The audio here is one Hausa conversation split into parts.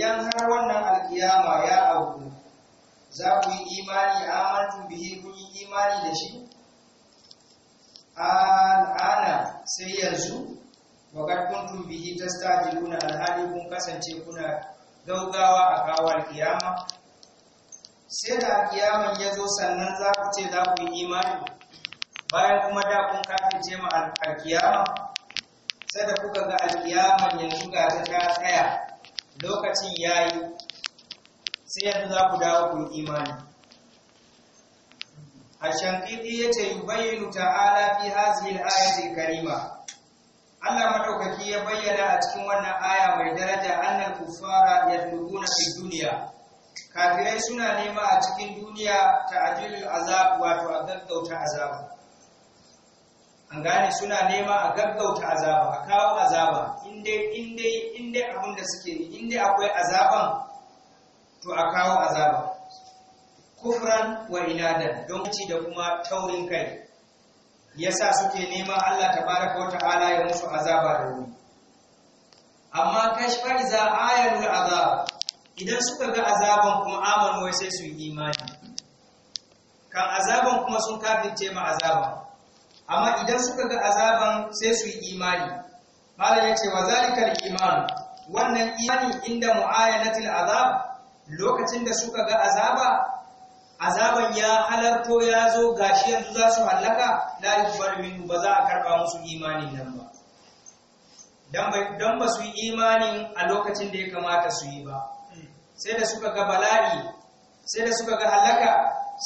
idan har wannan alkiyama ya auku za ku yi imani amantu bihi kun yi imani da shi al'ana sai yanzu wakar kuntun bihi tastajiluna alhali kun kasance kuna gaugawa a kawo alkiyama sai da alkiyaman ya zo sannan za ku ce za ku yi imani bayan kuma da kun ce ma alkiyama sai da kuka ga alkiyaman yanzu ga ta tsaya lokacin ya yi sai yanzu za ku dawo ku imani a shankiki ya ce yubayyinu ta'ala fi hazihil ayatil karima Allah madaukaki ya bayyana a cikin wannan aya mai daraja annal kufara na fi duniya kafirai suna nema a cikin duniya ta'jilul azab wato a gaggauta azaba an gane suna nema a gaggauta azaba a kawo azaba inda inda inda abin da suke yi inda akwai azaban to a kawo azaba kufran wa inadan don ci da kuma taurin kai yasa suke nema Allah tabaraka wa ta'ala ya musu azaba da wuri amma kashfa iza ayatul azab idan suka ga azaban kuma amanu sai su yi imani kan azaban kuma sun kafirce ma azaban amma idan suka ga azaban sai su yi imani malam ya ce wa zalikal iman wannan imani inda mu'ayanatil azab lokacin da suka ga azaba azaban ya halarto ya zo gashi yanzu za su hallaka la yuqbalu min ba za a karba musu imani nan ba don ba su yi imanin a lokacin da ya kamata su yi ba sai da suka ga bala'i sai da suka ga halaka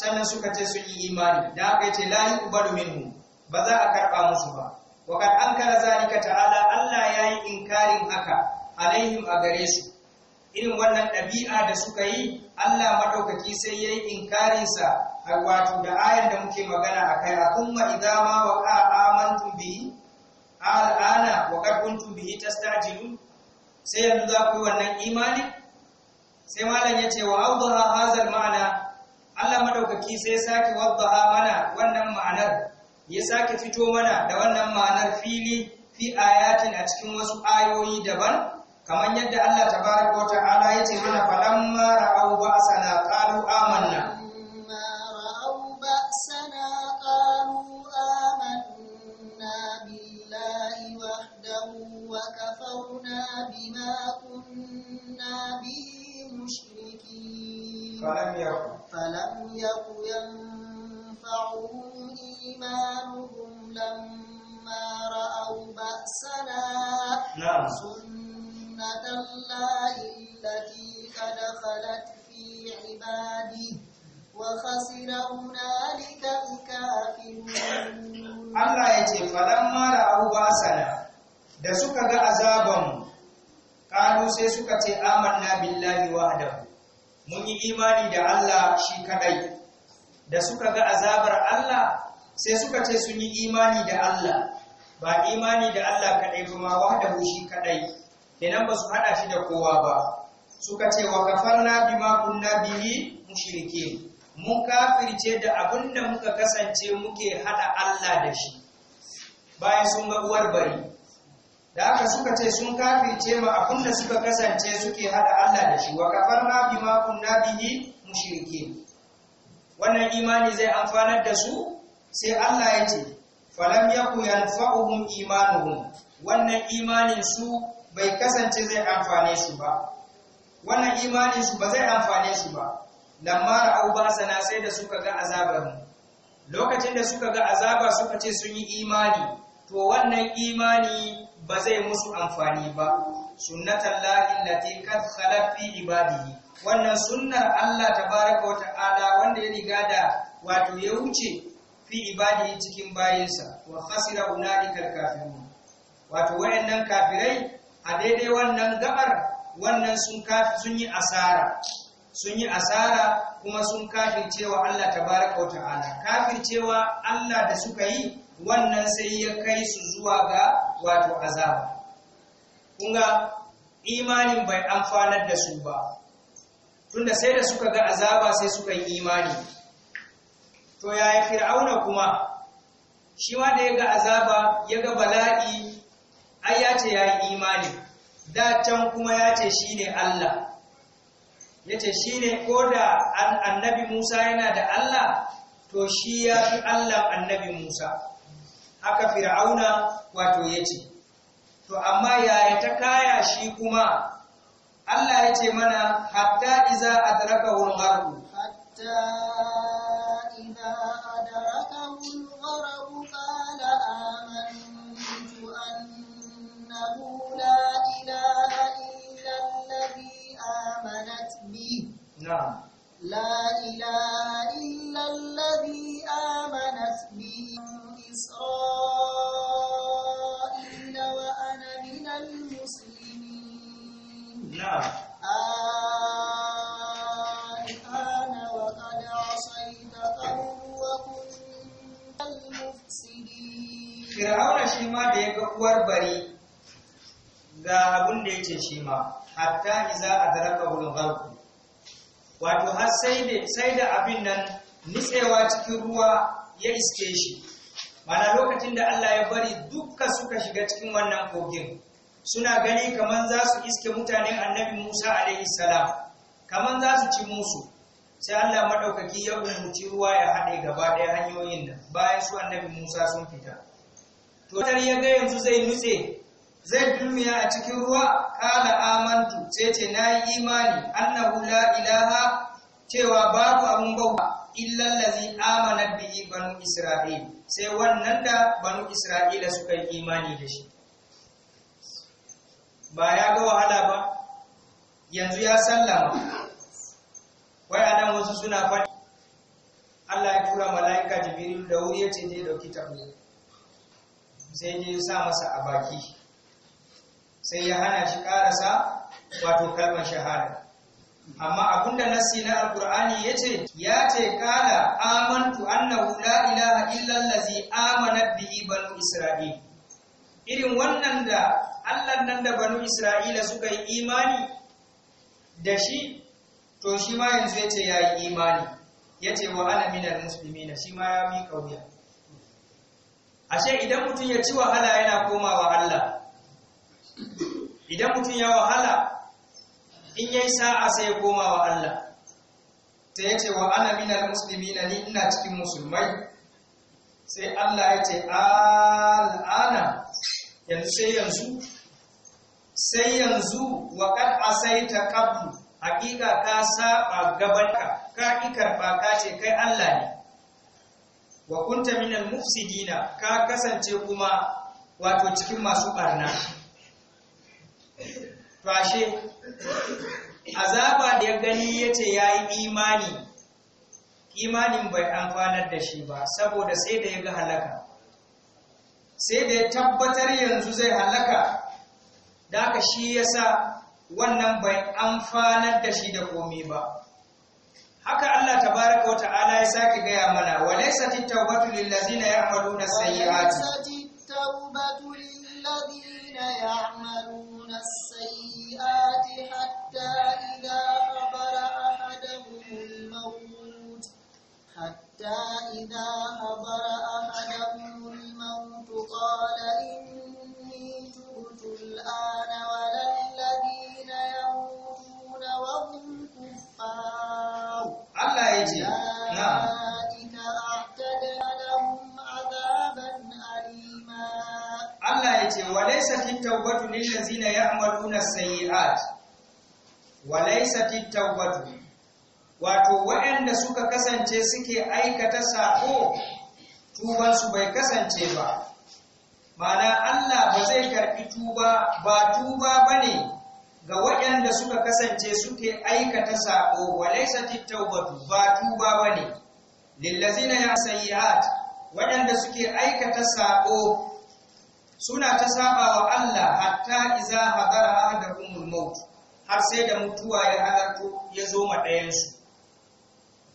sannan suka ce su yi imani da aka ce la yuqbalu min. ba za a karɓa musu ba wa an ankara zalika ta'ala Allah ya yayi inkarin haka alaihim a gare su irin wannan ɗabi'a da suka yi Allah maɗaukaki sai ya yayi inkarinsa sa wato da ayar da muke magana a kai. A kuma idza ma waqa amantum bihi al'ana wa kad kuntum bihi tastajilun sai yanzu za ku yi wannan imani sai malam ya ce wa awdaha Hazar ma'ana Allah maɗaukaki sai sake waddaha mana wannan ma'anar ya sake fito mana da wannan ma'anar fili fi ayatin a cikin wasu ayoyi daban kamar yadda Allah tabaraka wa ta'ala ya ce mana falamma ra'aw ba'sana qalu amanna فلم يكن فلم يكن إيمانهم لما رأوا بأسنا نعم سنة الله التي قد خلت في عباده وخسر هنالك الكافرون الله يجي فلما رأوا بأسنا da suka ga azabanmu kanu sai suka ce amanna billahi wahdahu mun yi imani da Allah shi kadai da suka ga azabar Allah sai suka ce sun yi imani da Allah ba imani da Allah kadai ba ma wahdahu shi kadai kenan ba su hada shi da kowa ba suka ce wa kafarna bima kunna bihi mushrikin mun kafirce da abinda muka kasance muke hada Allah da shi bayan sun ga uwar bari da aka suka ce sun kafirce ma abinda suka kasance suke hada Allah da shi wa kafarna bima kunna bihi mushrikin wannan imani zai amfanar da su sai Allah ya ce falam yaku yanfa'uhum imanuhum wannan imanin su bai kasance zai amfane su ba wannan imanin su ba zai amfane su ba lamma ba sana sai da suka ga azabar lokacin da suka ga azaba suka ce sun yi imani to wannan imani ba zai musu amfani ba lahi lati kad khalaq fi ibadihi wannan sunnar Allah tabaaraka wa ta'ala wanda ya riga da wato ya wuce fi ibadi cikin bayinsa wa khasira hunalika alkafirun wato wayannan kafirai a daidai wannan gabar wannan sun kafi sun yi asara sun yi asara kuma sun kafircewa Allah tabaraka wa ta'ala kafircewa Allah da suka yi wannan sai ya kai su zuwa ga wato azaba ga imanin bai amfanar da su ba tunda sai da suka ga azaba sai suka yi imani to yi fir'auna kuma shi ma da ya ga azaba ya ga bala'i ai ya ce ya yi imani da can kuma ya ce shi ne Allah ya ce shi ne ko da annabi Musa yana da Allah to shi ya fi Allah annabi Musa haka fir'auna wato ya ce to amma yaya ta kaya shi kuma Allah ya ce mana hatta iza a al wani hatta نعم لا إله إلا الذي آمنت به إسرائيل وأنا من المسلمين نعم الآن وقد عصيت قوم وكنت المفسدين فرعون شيما ديك وربري ga abin da yake shi ma hatta iza adraka hul gharq wato har sai da abin nan nitsewa cikin ruwa ya iske shi mana lokacin da Allah ya bari dukka suka shiga cikin wannan kogin suna gani kaman za su iske mutanen annabi Musa alaihi salam kaman za su ci musu sai Allah madaukaki ya umurci ruwa ya hade gaba ɗaya hanyoyin nan bayan su annabi Musa sun fita to tar ya ga yanzu zai nutse zai dumiya a cikin ruwa kala amantu sai ce na yi imani annahu la ilaha cewa babu abun bauta illal ladzi amana bihi banu isra'il sai wannan da banu isra'ila suka yi imani da shi ba ya ga wahala ba yanzu ya sallama wai anan wasu suna faɗi Allah ya tura mala'ika jibril da wuri ya ce je dauki tafiya sai je sa masa a baki sai ya hana shi karasa wato kalmar shahada amma abinda nassi na alqur'ani yace ya ce kala amantu annahu la ilaha illa allazi amana bihi banu isra'il irin wannan da Allah nan da banu isra'ila suka yi imani da shi to shi ma yanzu yace yi imani yace wa ana minal muslimina shi ma ya mi kauya ashe idan mutum ya ci wahala yana komawa Allah idan mutum ya wahala in yayi sa'a sai ya koma wa Allah ta yace wa ana minal muslimina ni ina cikin musulmai sai Allah ya ce al'ana yanzu sai yanzu sai yanzu wa kad asaita qablu hakika ka saba gabanka ka ki karba ka ce kai Allah ne wa kunta minal mufsidina ka kasance kuma wato cikin masu barna Fashe, a azaba da ya gani ya ce ya yi imani imanin bai amfanar da shi ba saboda sai da ya ga halaka sai da ya tabbatar yanzu zai halaka da aka shi ya sa wannan bai amfanar da shi da komi ba haka Allah baraka wa ta'ala ya sake gaya mana wa laysat at-tawbatu lil ladzina ya'maluna sayyi'ati حتى إذا حضر أحدهم الموت قال إني تبت الآن ولا الذين يموتون وهم كفار الله يجي أولئك أعتدنا لهم عذابا أليما الله يجي وليست التوبة للذين يعملون السيئات وليست التوبة wato waɗanda suka kasance suke aikata tuban tubansu bai kasance ba mana Allah ba zai karɓi tuba ba tuba ba ne ga waɗanda suka kasance suke aikata saƙo walaisa tattaubatu ba tuba ba ne lillazina ya sayyi'at waɗanda suke aikata saƙo suna ta saba wa Allah hatta iza hadara ahadahumul maut har sai da mutuwa ya halarto ya zo ma ɗayansu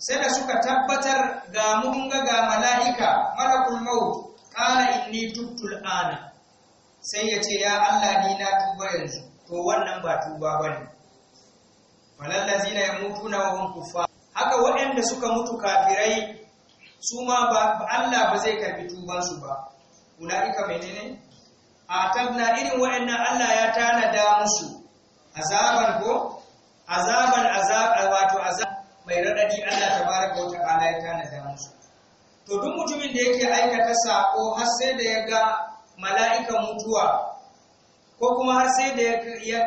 sai da suka tabbatar ga mun ga ga mala'ika marakul maut qala inni tubtu ana sai ya ce ya Allah ni na tuba yanzu to wannan ba tuba bane falal ya mutu wa wawan kuffar haka waɗanda suka mutu kafirai su ma ba Allah ba zai karbi tubansu ba ulaika menene tabna irin waɗannan Allah ya tanada musu azaban ko azaban azab wato azab mai raɗaɗi Allah bara wa ala ya tanada musu to duk mutumin da yake aikata sako har sai da ya ga mala'ikan mutuwa ko kuma har sai da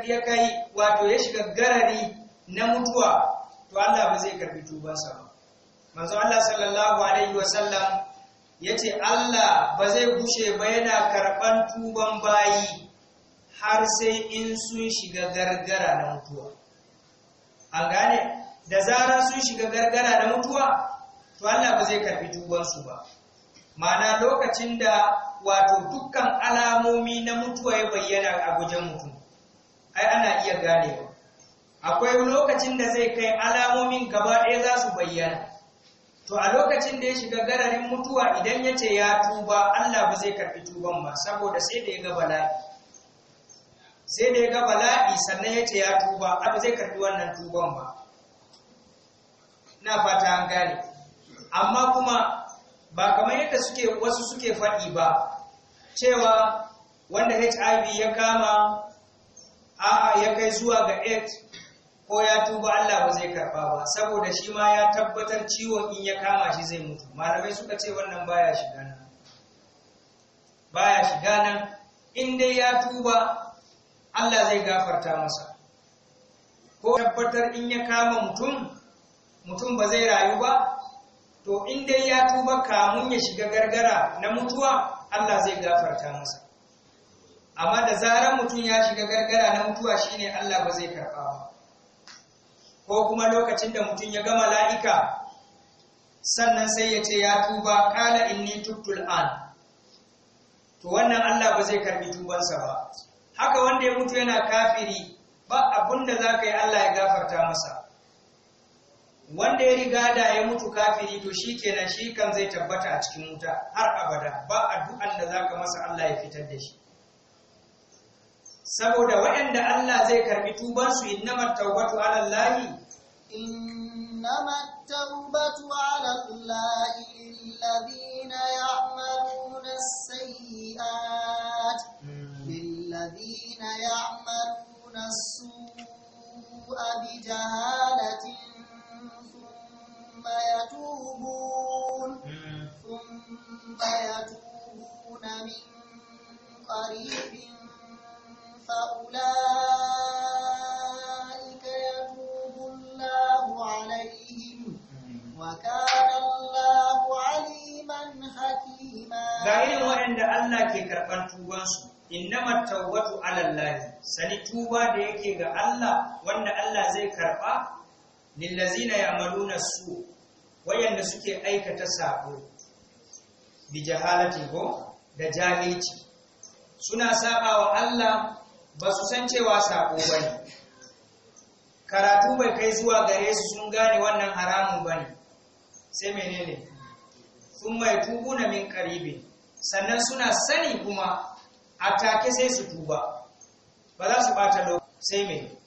ya kai wato ya shiga garari na mutuwa to Allah ba zai karbi tubansa ba manzo Allah sallallahu alaihi wa ya yace Allah ba zai gushe ba yana karban tuban bayi har sai in sun shiga gargara na mutuwa an gane da zarar sun shiga gargara da mutuwa to Allah ba zai karbi tubansu ba ma'ana lokacin da wato dukkan alamomi na mutuwa ya bayyana a gujen mutum ai ana iya gane ganewa akwai lokacin da zai kai alamomin gaba ɗaya za su bayyana to a lokacin da ya shiga gararin mutuwa idan ya ce ya tuba Allah ba zai karbi tuban ba saboda sai da ya ga bala'i sai da ya ga bala'i sannan ya ce ya tuba abu zai karbi wannan tuban ba na fata an gane amma kuma ba kamar yadda suke wasu suke faɗi ba cewa wanda HIV ya kama a'a ya kai zuwa ga AIDS ko ya tuba Allah ba zai karɓa ba saboda shi ma ya tabbatar ciwon in ya kama shi zai mutu malamai suka ce wannan baya shiga nan baya shiga nan in dai ya tuba Allah zai gafarta masa ko tabbatar in ya kama mutum mutum ba zai rayu ba to in dai ya tuba kamun ya shiga gargara na mutuwa Allah zai gafarta masa amma da zarar mutum ya shiga gargara na mutuwa shine Allah ba zai karɓa ba ko kuma lokacin da mutum ya gama la'ika sannan sai ya ce ya tuba kala inni tubtul an to wannan Allah ba zai karbi tubansa ba haka wanda ya mutu yana kafiri ba abunda zaka yi Allah ya gafarta masa wanda ya riga da ya mutu kafiri to shi kenan shi kan zai tabbata a cikin wuta har abada ba addu'an da zaka masa Allah ya fitar da shi saboda waɗanda Allah zai karbi tubansu innamat tawbatu ala Allah innamat tawbatu ala Allah alladhina ya'maluna as-sayyi'at hmm. lilladhina ya'maluna as-su'a bi jahalatin ثم يتوبون ثم يتوبون من قريب فأولئك يتوب الله عليهم وكان الله عليما حكيما غير وعند الله كي كربان توبانسو innama tawbatu ala Allah sani tuba da yake ga Allah wanda Allah zai karba lillazina ya'maluna su wayanda suke aikata sabo bi jahalati go da jahilci suna saba wa Allah ba su san cewa sabo bane karatu bai kai zuwa gare su sun gane wannan haramun bane sai menene sun mai na min karibin sannan suna sani kuma a take sai su tuba ba za su bata lokaci sai menene?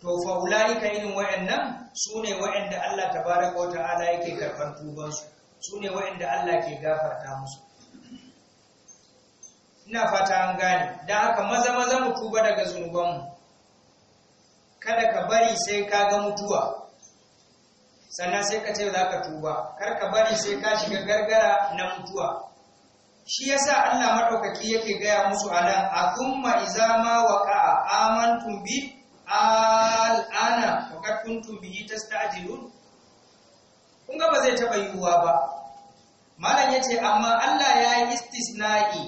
to fa ulaika irin wa'annan sune wa'anda Allah tabaraka ta'ala yake karban tuban su sune wa'anda Allah ke gafarta musu ina fata an gane dan haka maza maza mu tuba daga zunuban mu kada ka bari sai ka ga mutuwa sannan sai ka ce za ka tuba kar ka bari sai ka shiga gargara na mutuwa shi yasa Allah madaukaki yake gaya musu anan akumma izama waqa'a amantum bi al'ana wa kad kuntum bihi tasta'jilun kun ba zai taba yiwuwa ba malam yace amma Allah ya yi istisna'i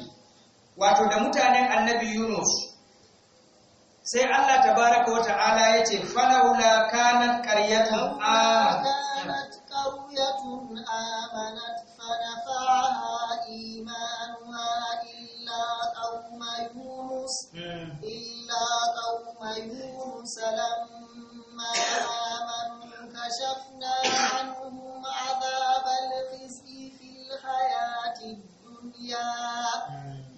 wato da mutanen annabi Yunus sai Allah tabaraka wa ta'ala yace wula kanat qaryatun amanat كشفنا عنهم عذاب الخزي في الحياة الدنيا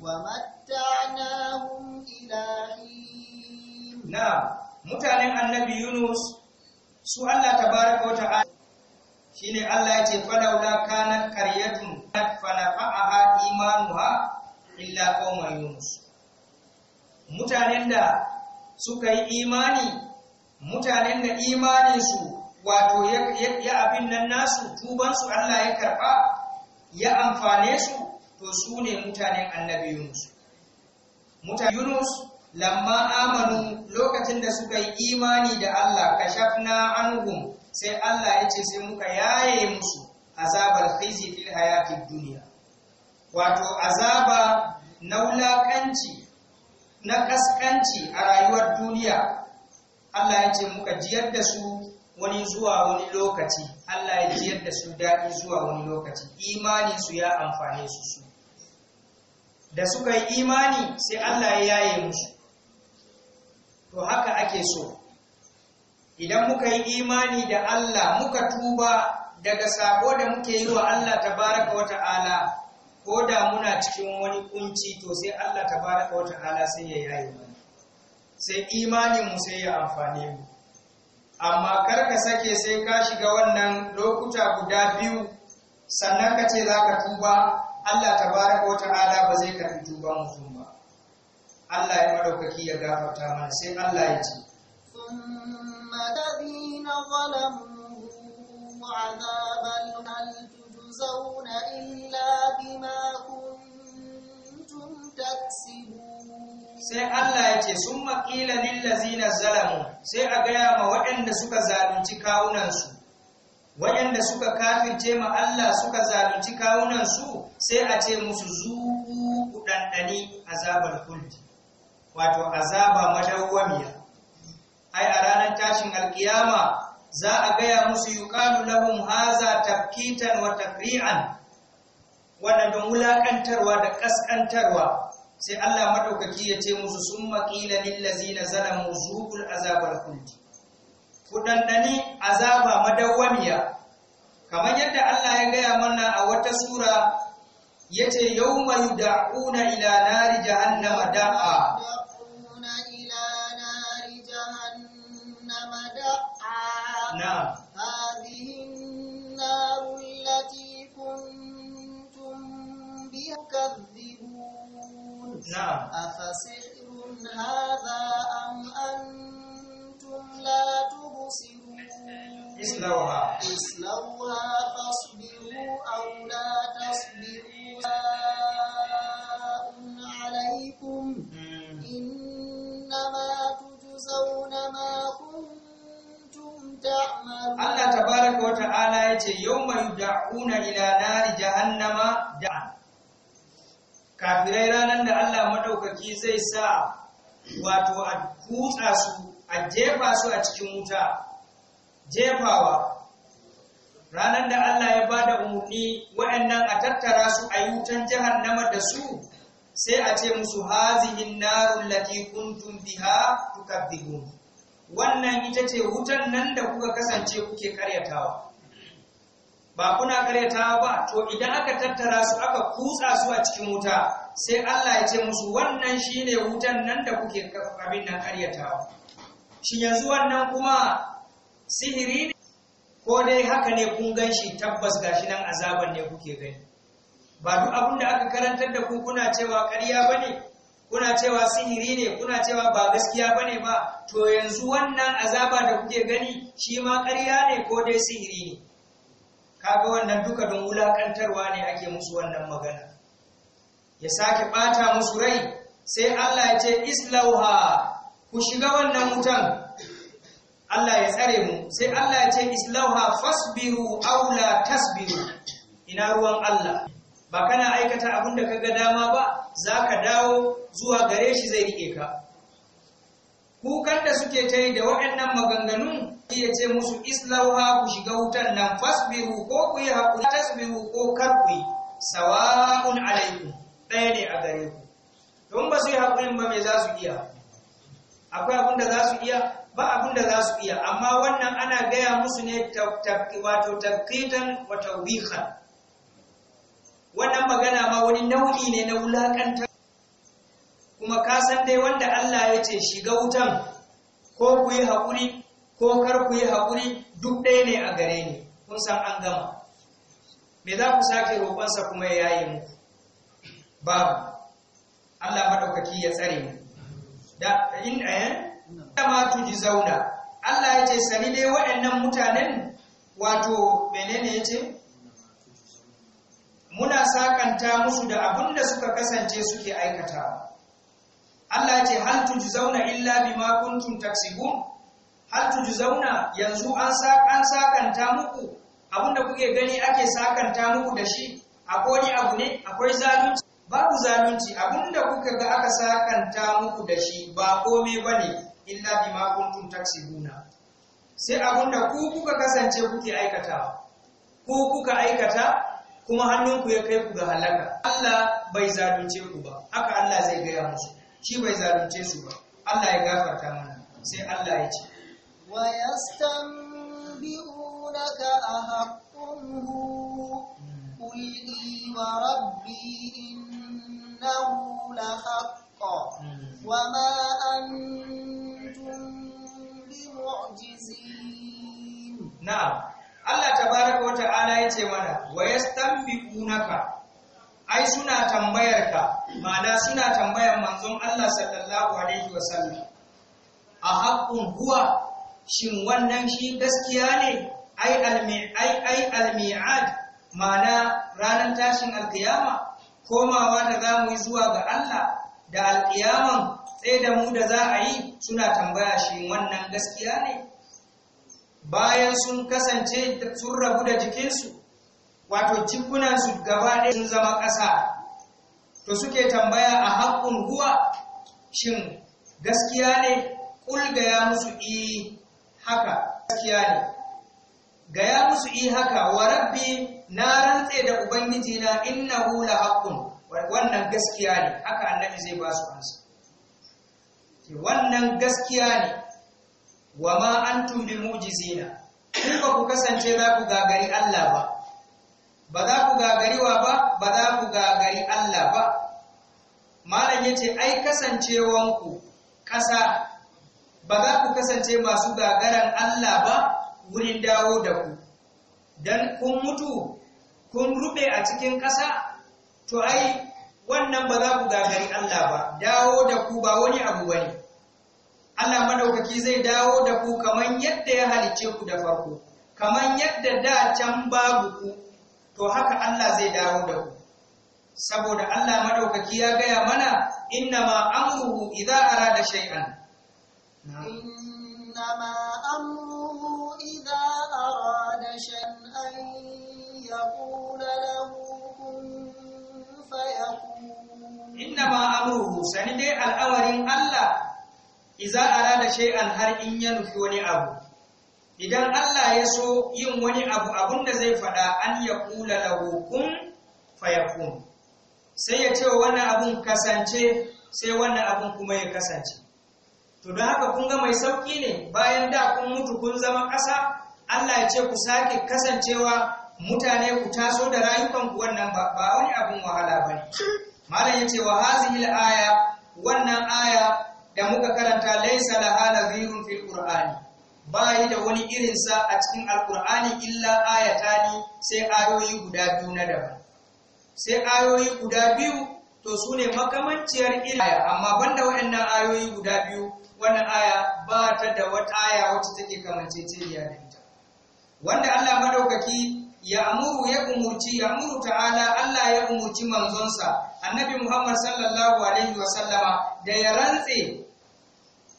ومتعناهم إلى حين نعم متعن النبي يونس su Allah tabaraka wa ta'ala shine Allah yace falaula kanat qaryatun fanafa'aha imanuha illa qauma yunus mutanen da suka yi imani mutanen da su. wato ya abin nan nasu tubansu Allah ya karɓa ya amfane su to su ne mutanen annabi Yunus. Mutane Yunus lamma amanu lokacin da suka yi imani da Allah kashafna anhum sai Allah ya ce sai muka yaye musu azabar khizi fil hayatid dunya. Wato azaba na wulakanci na kaskanci a rayuwar duniya Allah ya ce muka jiyar da su wani zuwa wani lokaci Allah ya ji da su daɗi zuwa wani lokaci imani su ya amfane su su da suka yi imani sai Allah ya yaye musu to haka ake so idan muka yi imani da Allah muka tuba daga sako da muke yi wa Allah tabaraka wa ta'ala ko da muna cikin wani kunci to sai Allah tabaraka wa ta'ala sai ya yaye mana sai imanin mu sai ya amfane mu amma kar ka sake sai ka shiga wannan lokuta guda biyu sannan ka ce za ka tuba Allah ta bara ko ta'ala ba zai karbi tuban mutum ba Allah ya madaukaki ya gafarta mana sai Allah ya ce thumma illa bima taksibun sai Allah ya ce sun maƙila lillazina zalamu sai a gaya ma waɗanda suka zalunci kawunansu waɗanda suka kafirce ma Allah suka zalunci kawunansu sai a ce musu zuku ɗanɗani azabar kulli wato azaba madawwamiya ai a ranar tashin alkiyama za a gaya musu yuqalu lahum haza tafkitan wa takri'an wannan don wulakantarwa da kaskantarwa sai Allah madaukaki ya ce musu sun maƙila lil ladzina zalamu zuqul azabal khuldi ku dandani azaba madawwamiya kamar yadda Allah ya gaya mana a wata sura yace yawma yud'una ila nari jahannama da'a na'am نعم أفسحر هذا أم أنتم لا تبصرون اصلوها اصلوها فاصبروا أو لا تصبروا سواء عليكم إنما تجزون ما كنتم تعملون الله تبارك وتعالى يقول يوم يدعون إلى نار جهنم kafirai ranar da Allah maɗaukaki zai sa wato a kutsa su a jefa su a cikin wuta jefawa ranar da Allah ya ba da umarni waɗannan a tattara su a yi jihar nama da su sai a ce musu hazihin narun lati kuntum biha tukabbihun wannan ita ce wutan nan da kuka kasance kuke karyatawa ba kuna karyata ba to idan aka tattara su aka kutsa su a cikin wuta sai Allah ya ce musu wannan shine wutan nan da kuke abin nan karyatawa shin yanzu wannan kuma sihiri ne ko dai haka ne kun gan tabbas gashi nan azaban ne kuke gani ba duk abin da aka karantar da ku kuna cewa ƙarya bane kuna cewa sihiri ne kuna cewa ba gaskiya bane ba to yanzu wannan azaba da kuke gani shi ma ƙarya ne ko dai sihiri ne kaga wannan duka don wulakantarwa ne ake musu wannan magana ya sake bata musu rai sai Allah ya ce islauha ku shiga wannan wutan Allah ya tsare mu sai Allah ya ce islauha fasbiru aw la tasbiru ina ruwan Allah ba kana aikata abin da kaga dama ba zaka dawo zuwa gare shi zai rike ka kukan da suke ta da waɗannan maganganun ya ce musu islauha ku shiga wutan nan fasbiru ko ku yi haƙuri tasbiru ko kar ku yi sawa'un alaikum ɗaya ne a gare ku don ba su yi haƙurin ba mai za su iya akwai abin da za su iya ba abin da za su iya amma wannan ana gaya musu ne wato tafkitan wata tawbihan wannan magana ma wani nau'i ne na wulakanta kuma ka san dai wanda Allah ya ce shiga wutan ko ku yi haƙuri ko kar ku yi haƙuri duk ɗaya ne a gare ni kun san an gama me za ku sake roƙonsa kuma ya yi mu babu Allah maɗaukaki ya tsare mu da in ta eh? ma tuji zauna Allah ya ce sani dai waɗannan mutanen wato menene ya ce muna sakanta musu da abin da suka kasance suke aikata Allah ya ce hal tuji zauna illa bima kuntum taksibun hal zauna, yanzu an an sakanta muku abinda kuke gani ake sakanta muku da shi akwai abu ne akwai zalunci babu zalunci abinda kuka ga aka sakanta muku da shi ba komai bane illa bima kuntum taksibuna sai abinda ku kuka kasance kuke aikata, ku kuka aikata kuma hannunku ya kai ku ga halaka Allah bai zalunce ku ba haka Allah zai gaya musu shi bai zalunce su ba Allah ya gafarta mana sai Allah ya ce ويستنبئونك أحق هو قل إي وربي إنه لحق وما أنتم بمعجزين نعم Allah tabaraka wa ta'ala yace mana wa yastanbiqunaka ai suna tambayar ka ma'ana suna tambayar manzon Allah sallallahu alaihi wasallam a haqqun huwa shin wannan shi gaskiya ne ai ai almi'ad ma'ana ranar tashin alkiyama komawa da za yi zuwa ga Allah da alkiyaman sai da mu da za a yi suna tambaya shi wannan gaskiya ne bayan sun kasance sun rabu da jikinsu wato cikunansu gaba ɗaya sun zama ƙasa to suke tambaya a haƙƙun huwa shin gaskiya ne ƙulga ya musu i eh, haka gaskiya ne gaya musu i eh, haka wa rabbi na rantse da ubangiji na innahu la haqqun wannan gaskiya ne haka annabi zai ba su amsa wannan gaskiya ne wa ma antum bi mujizina ba ku kasance za ku gagari Allah ba ba za ku gagari wa ba ba za ku gagari Allah ba malam yace ai kasancewanku ƙasa ba za ku kasance masu gagaran Allah ba wurin dawo da ku dan kun mutu kun rube a cikin ƙasa to ai wannan ba za ku gagari Allah ba dawo da ku ba wani abu bane Allah madaukaki zai dawo da ku kaman yadda ya halice ku da farko kaman yadda da can babu ku to haka Allah zai dawo da ku saboda Allah madaukaki ya gaya mana inna ma amruhu idza arada shay'an إنما أمره إذا أراد شيئا يقول له كن فيكون إنما أمره سندي الأولين الله إذا أراد شيئا هل إن ينفي أبو idan Allah ya so yin wani abu da zai faɗa an ya kula lahu kun sai ya ce wa wannan abun kasance sai wannan abun kuma ya kasance to don haka kun ga mai sauki ne bayan da kun mutu kun zama ƙasa Allah ya ce ku sake kasancewa mutane ku taso da rayukanku wannan ba wani abin wahala ba ne malam ya ce wa hazihi aya wannan aya da muka karanta laisa laha nadhirun fil qur'ani bayi da wani irin sa a cikin alqur'ani illa ayatani sai ayoyi guda biyu na daban sai ayoyi guda biyu to sune makamanciyar ilaya amma banda waɗannan ayoyi guda biyu wannan aya ba ta da wata aya wacce take ce da ita wanda Allah madaukaki ya amuru ya umurci ya amuru ta'ala Allah ya umurci manzonsa annabi Muhammad sallallahu alaihi wa sallama da ya rantse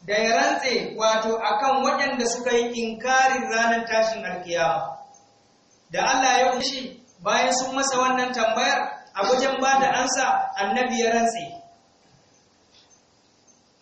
da ya rantse wato akan waɗanda suka yi inkarin ranar tashin alkiyama da Allah ya umurci bayan sun masa wannan tambayar a wajen bada da ansa annabi ya rantse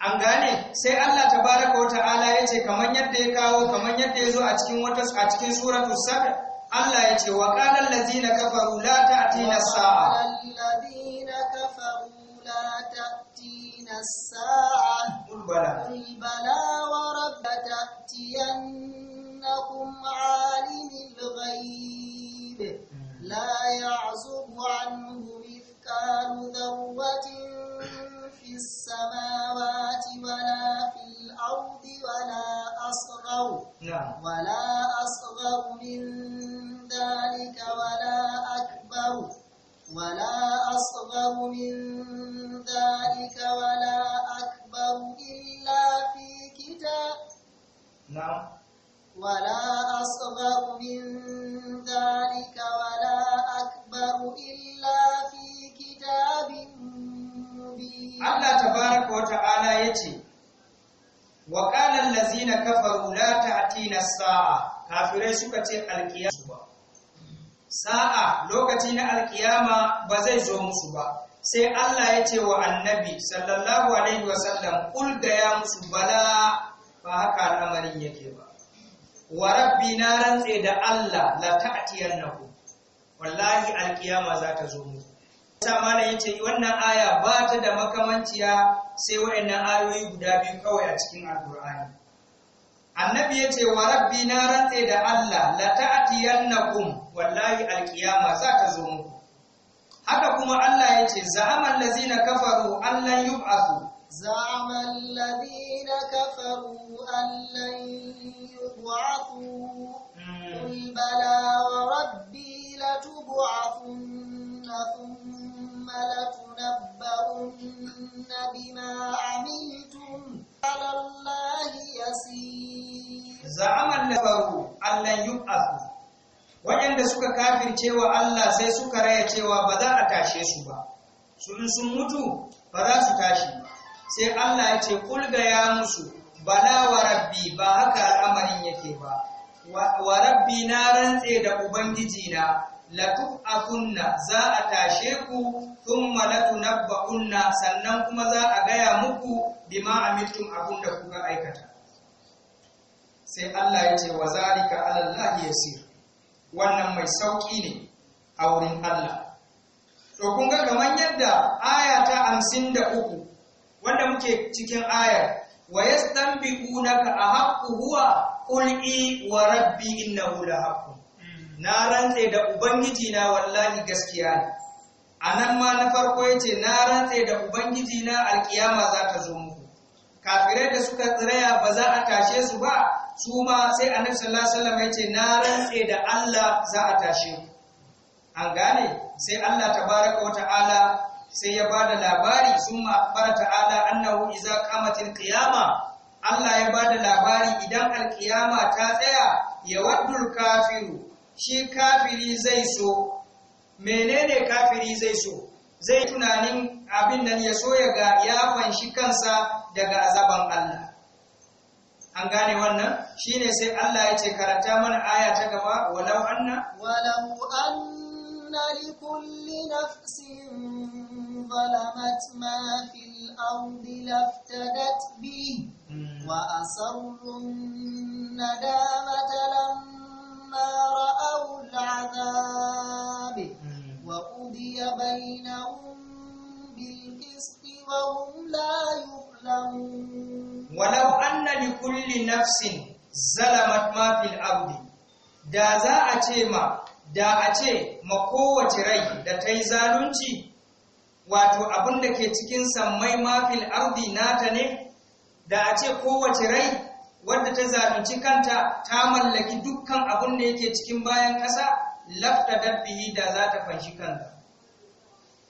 an gane sai Allah ta tabaraka wa ta'ala yace kaman yadda ya kawo kaman yadda ya zo a cikin wata a cikin suratul sad Allah yace wa qala allazina kafaru la ta'tina as-sa'a allazina kafaru la ta'tina as-sa'a qul bala qul bala wa rabbaka ta'tiyannakum 'alimul ghaib hmm. la ya'zubu 'anhu mithqalu dharratin fis sa'a kafirai suka ce alkiyama ba sa'a lokaci na alkiyama ba zai zo musu ba sai Allah ya ce wa annabi sallallahu alaihi wasallam kul da ya musu bala ba haka al'amarin yake ba wa rabbi na rantse da Allah la naku wallahi alkiyama za ta zo muku ta mana yace wannan aya ba ta da makamanciya sai waɗannan ayoyi guda biyu kawai a cikin alkur'ani annabi ya ce wa rabbi na rantse da Allah la ta'tiyannakum wallahi alqiyama za ta zo muku haka kuma Allah ya ce za'amal lazina kafaru allan yub'athu za'amal lazina kafaru allan yub'athu qul bala wa rabbi latub'athunna thumma latunabba'unna bima 'amiltum على الله يسير Allah waɗanda suka wa Allah sai suka raya cewa ba za a tashe su ba sun sun mutu ba za su tashi sai Allah ya ce kulga ya musu bala wa rabbi ba haka al'amarin yake ba wa rabbi na rantse da ubangiji na latub'athunna za a tashe ku thumma latunabba'unna sannan kuma za a gaya muku bima amiltum abunda kuka aikata sai Allah ya ce wa zalika ala Allah yasir wannan mai sauki ne a wurin Allah to kun ga kamar yadda aya ta 53 wanda muke cikin ayar wa yastanbiqunaka haƙƙu huwa qul wa rabbi hula haƙƙu. na rantse da ubangiji na wallahi gaskiya ne anan ma na farko ya ce na rantse da ubangiji na alkiyama za ta zo muku kafirai da suka tsiraya ba za a tashe su ba su ma sai annabi sallallahu alaihi wasallam yace na rantse da Allah za a tashe ku an gane sai Allah ta tabaraka wata'ala sai ya bada labari summa bara ta'ala annahu iza qamatil qiyama Allah ya bada labari idan alkiyama ta tsaya ya waddul kafiru shi kafiri zai so menene kafiri zai so zai tunanin abin nan ya so ya ga ya fanshi kansa daga azaban Allah an gane wannan shine sai Allah ya ce karanta mana aya ta gaba walau anna walau anna likulli nafsin ظلمت ما في الأرض لافتدت به وأسروا الندامة لما رأوا العذاب وقضي بينهم بالقسط وهم لا يظلمون ولو أن لكل نفس zalamat ma fil abdi da za a ce ma da a ce ma kowace rai da ta yi zalunci wato abin da ke cikin sammai mafil ardi nata ne da a ce kowace rai wadda ta zalunci kanta ta mallaki dukkan abin da yake cikin bayan ƙasa lafta dabbihi da za ta fanshi kanta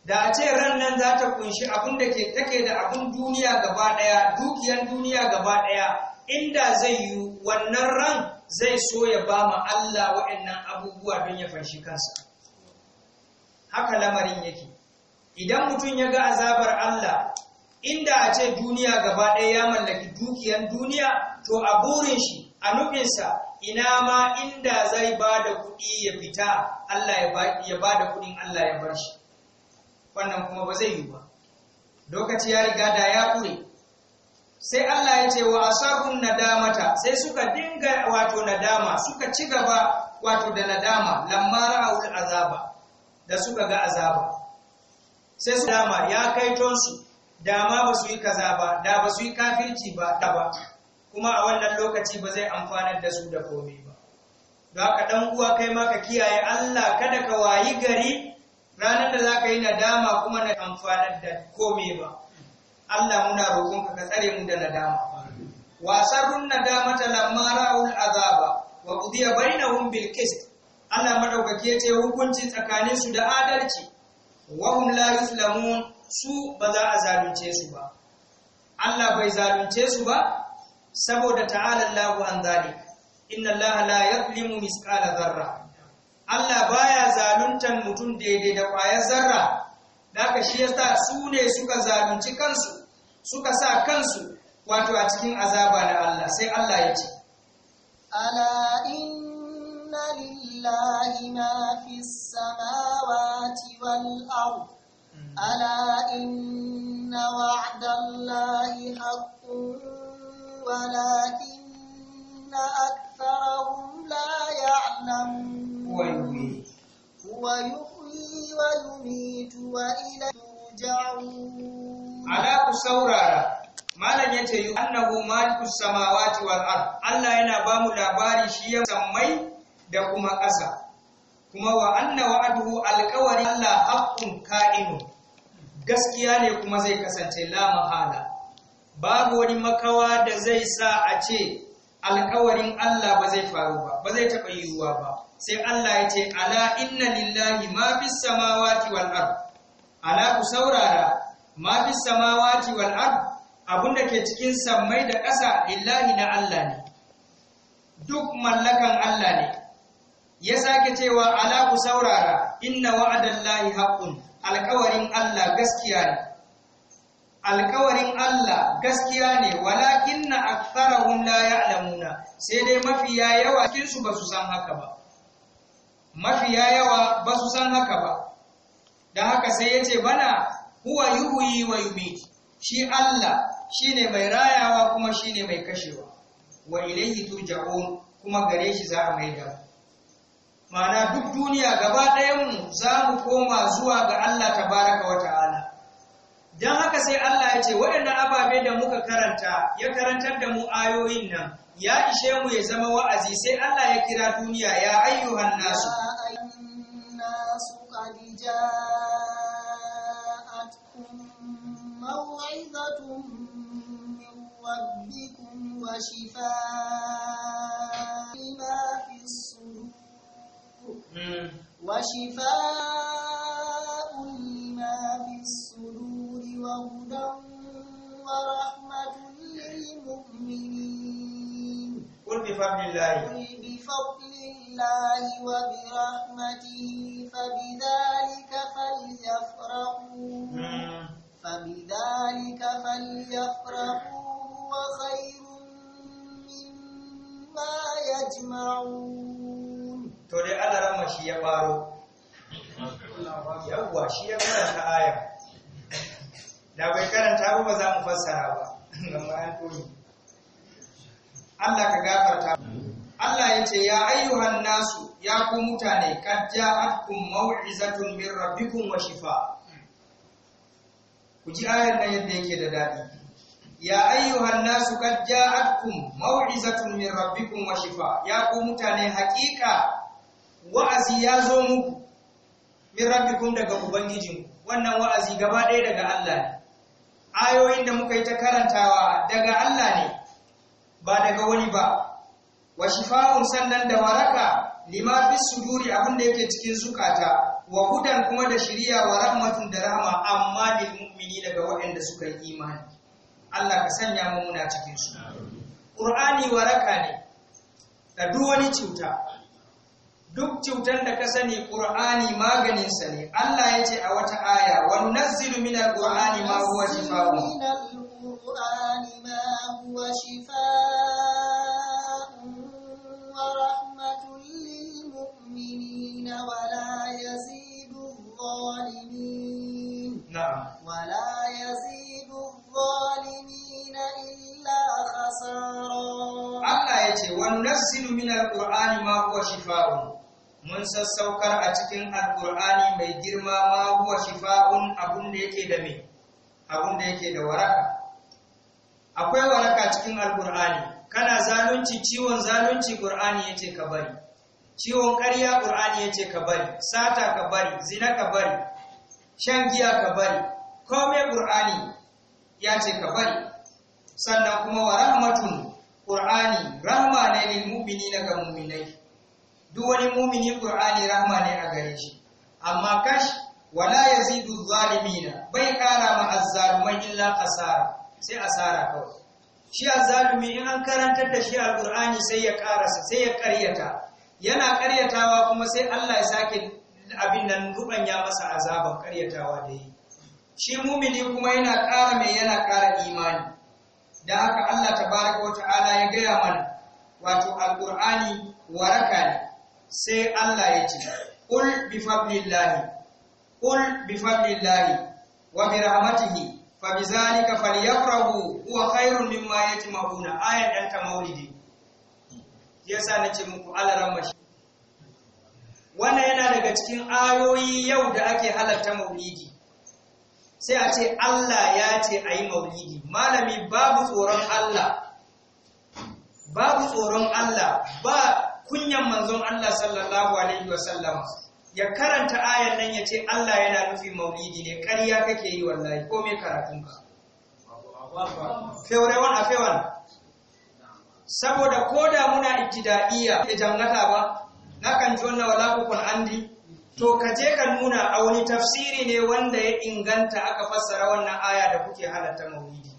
da a ce ran nan za ta kunshi abin da ke take da abin duniya gaba ɗaya dukiyan duniya gaba ɗaya inda zai yi wannan ran zai so ya ba ma Allah waɗannan abubuwa don ya fanshi kansa haka lamarin yake idan mutum ya ga azabar Allah inda a ce duniya gaba ɗaya ya mallaki dukiyan duniya to a burin shi a nufinsa ina ma inda zai ba da kuɗi ya fita Allah ya ba da kuɗin Allah ya bar shi wannan kuma ba zai yi ba lokaci ya riga da ya ƙure sai Allah ya ce wa asabun nadamata sai suka dinga wato nadama suka ci gaba wato da nadama lamma ra'ul azaba da suka ga azaba sai su dama ya kai tonsu dama ma ba su yi kaza ba da ba su yi kafirci ba ta ba kuma a wannan lokaci ba zai amfanar da su da komai ba don haka dan uwa kai ma ka kiyaye Allah kada ka wayi gari ranar da za ka yi nadama kuma na amfanar da komai ba Allah muna roƙonka ka tsare mu da nadama wa nadama ta lamara ul azaba wa qudiya bainahum bil qist Allah madaukaki ce hukunci tsakaninsu da adalci wahum la yuslamun su ba za a zalunce su ba Allah bai zalunce su ba saboda ta'ala Allahu an zalik inna Allah la yuzlimu misqala zarra Allah baya zaluntan mutum daidai da ƙwayar zarra ka shi yasa su ne suka zalunci kansu suka sa kansu wato a cikin azaba na Allah sai Allah ya ce ala inna لله ما في السماوات والأرض ألا إن وعد الله حق ولكن أكثرهم لا يعلمون هو يحيي ويميت وإليه ترجعون ألا كسورة malam yace annahu malikus samawati wal ard Allah yana ba mu labari shi ya sammai da kuma ƙasa kuma wa anna wa'aduhu alƙawarin Allah haqqun ka'inu gaskiya ne kuma zai kasance la mahala babu wani makawa da zai sa a ce alƙawarin Allah ba zai faru ba ba zai taɓa ruwa ba sai Allah ya ce ala inna lillahi ma fi samawati wal ard ala ku saurara ma fi samawati wal ard abinda ke cikin sammai da ƙasa lillahi na Allah ne duk mallakan Allah ne ya sake cewa ala ku saurara inna wa'adallahi haqqun alƙawarin Allah gaskiya ne alƙawarin Allah gaskiya ne walakinna aktharuhum la ya'lamuna sai dai mafiya yawa cikin su basu san haka ba mafiya yawa basu san haka ba dan haka sai yace bana huwa yuhyi wa yumit shi Allah shine mai rayawa kuma shine mai kashewa wa ilayhi turja'un kuma gare shi za a maida ma'ana duk duniya gaba ɗayanmu za mu koma zuwa ga Allah tabaraka wa ta'ala don haka sai Allah ya ce waɗannan ababe da muka karanta ya karantar da mu ayoyin nan ya ishe mu ya zama wa'azi sai Allah ya kira duniya ya ayyuhan nasu موعظة من ربكم وشفاء لما في الصدور وهدى ورحمة للمؤمنين قل بفضل الله قل بفضل الله وبرحمته فبذلك فليفرحوا فبذلك فليفرحوا هو خير مما يجمعون to dai ana rama shi ya faro yawwa shi ya karanta aya da bai karanta ba ba za mu fassara ba amma an tuni Allah ka gafarta Allah ya ce ya ayyuhan nasu ya ku mutane kad ja'atkum maw'izatun min rabbikum wa shifa ku ji ayar nan yadda yake da dadi ya ayyuhan nasu kad ja'atkum maw'izatun min rabbikum wa shifa ya ku mutane haqiqa wa'azi ya zo muku min rabbikum daga ubangijin wannan wa'azi gaba ɗaya daga Allah ne ayoyin da muka yi ta karantawa daga Allah ne ba daga wani ba wa shifa'un sannan da waraka lima fi suduri abin da yake cikin zukata wa hudan kuma da shiriya wa rahmatun da rahma amma lil mu'mini daga waɗanda suka yi imani Allah ka sanya mu muna cikin su Qur'ani waraka ne da duk wani cuta duk cutar da ka sani ƙur'ani maganinsa ne Allah ya ce a wata aya wan nazzilu min alqur'ani ma huwa shifaa'un ولا يزيد الظالمين إلا خسارا الله يتي وننزل ma kuwa ما mun sassaukar a cikin alkur'ani mai girma ma huwa shifa'un abun da yake da me abun da yake da waraka akwai waraka cikin alkur'ani kana zalunci ciwon zalunci qur'ani yace ka bari ciwon ƙarya qur'ani yace ka bari sata ka bari zina ka bari shan giya ka bari kome qur'ani yace ka bari sannan kuma wa rahmatun qur'ani rahma ne lil mu'minina ga mu'minai duk wani mumini qur'ani rahma ne a gare shi amma kash wala yazidu zalimina bai kara ma azzalumai illa kasara, sai asara kawai shi azzalumi in an karantar da shi alqur'ani sai ya karasa sai ya karyata yana karyatawa kuma sai Allah ya sake abin nan ya masa azaban karyatawa da yi shi mumini kuma yana ƙara mai yana ƙara imani da haka Allah tabaraka Ta'ala ya gaya mana wato alqur'ani waraka ne sai Allah ya ce kul bi fadlillahi kul bi fadlillahi wa bi rahmatihi fa bi zalika falyafrahu huwa khairun mimma yajma'una ayat dan ta maulidi yasa nace muku Allah mashi wannan yana daga cikin ayoyi yau da ake halarta maulidi sai a ce Allah ya ce a yi maulidi malami babu tsoron Allah babu tsoron Allah ba kunyan manzon Allah sallallahu alaihi wasallam ya karanta ayan nan ya ce Allah yana nufi maulidi ne karya kake yi wallahi ko me karatunka fewrewan a fewan saboda ko da muna ibtida'iyya da jangata ba na kan ji wannan wala ku andi to ka je ka nuna a wani tafsiri ne wanda ya inganta aka fassara wannan aya da kuke halatta maulidi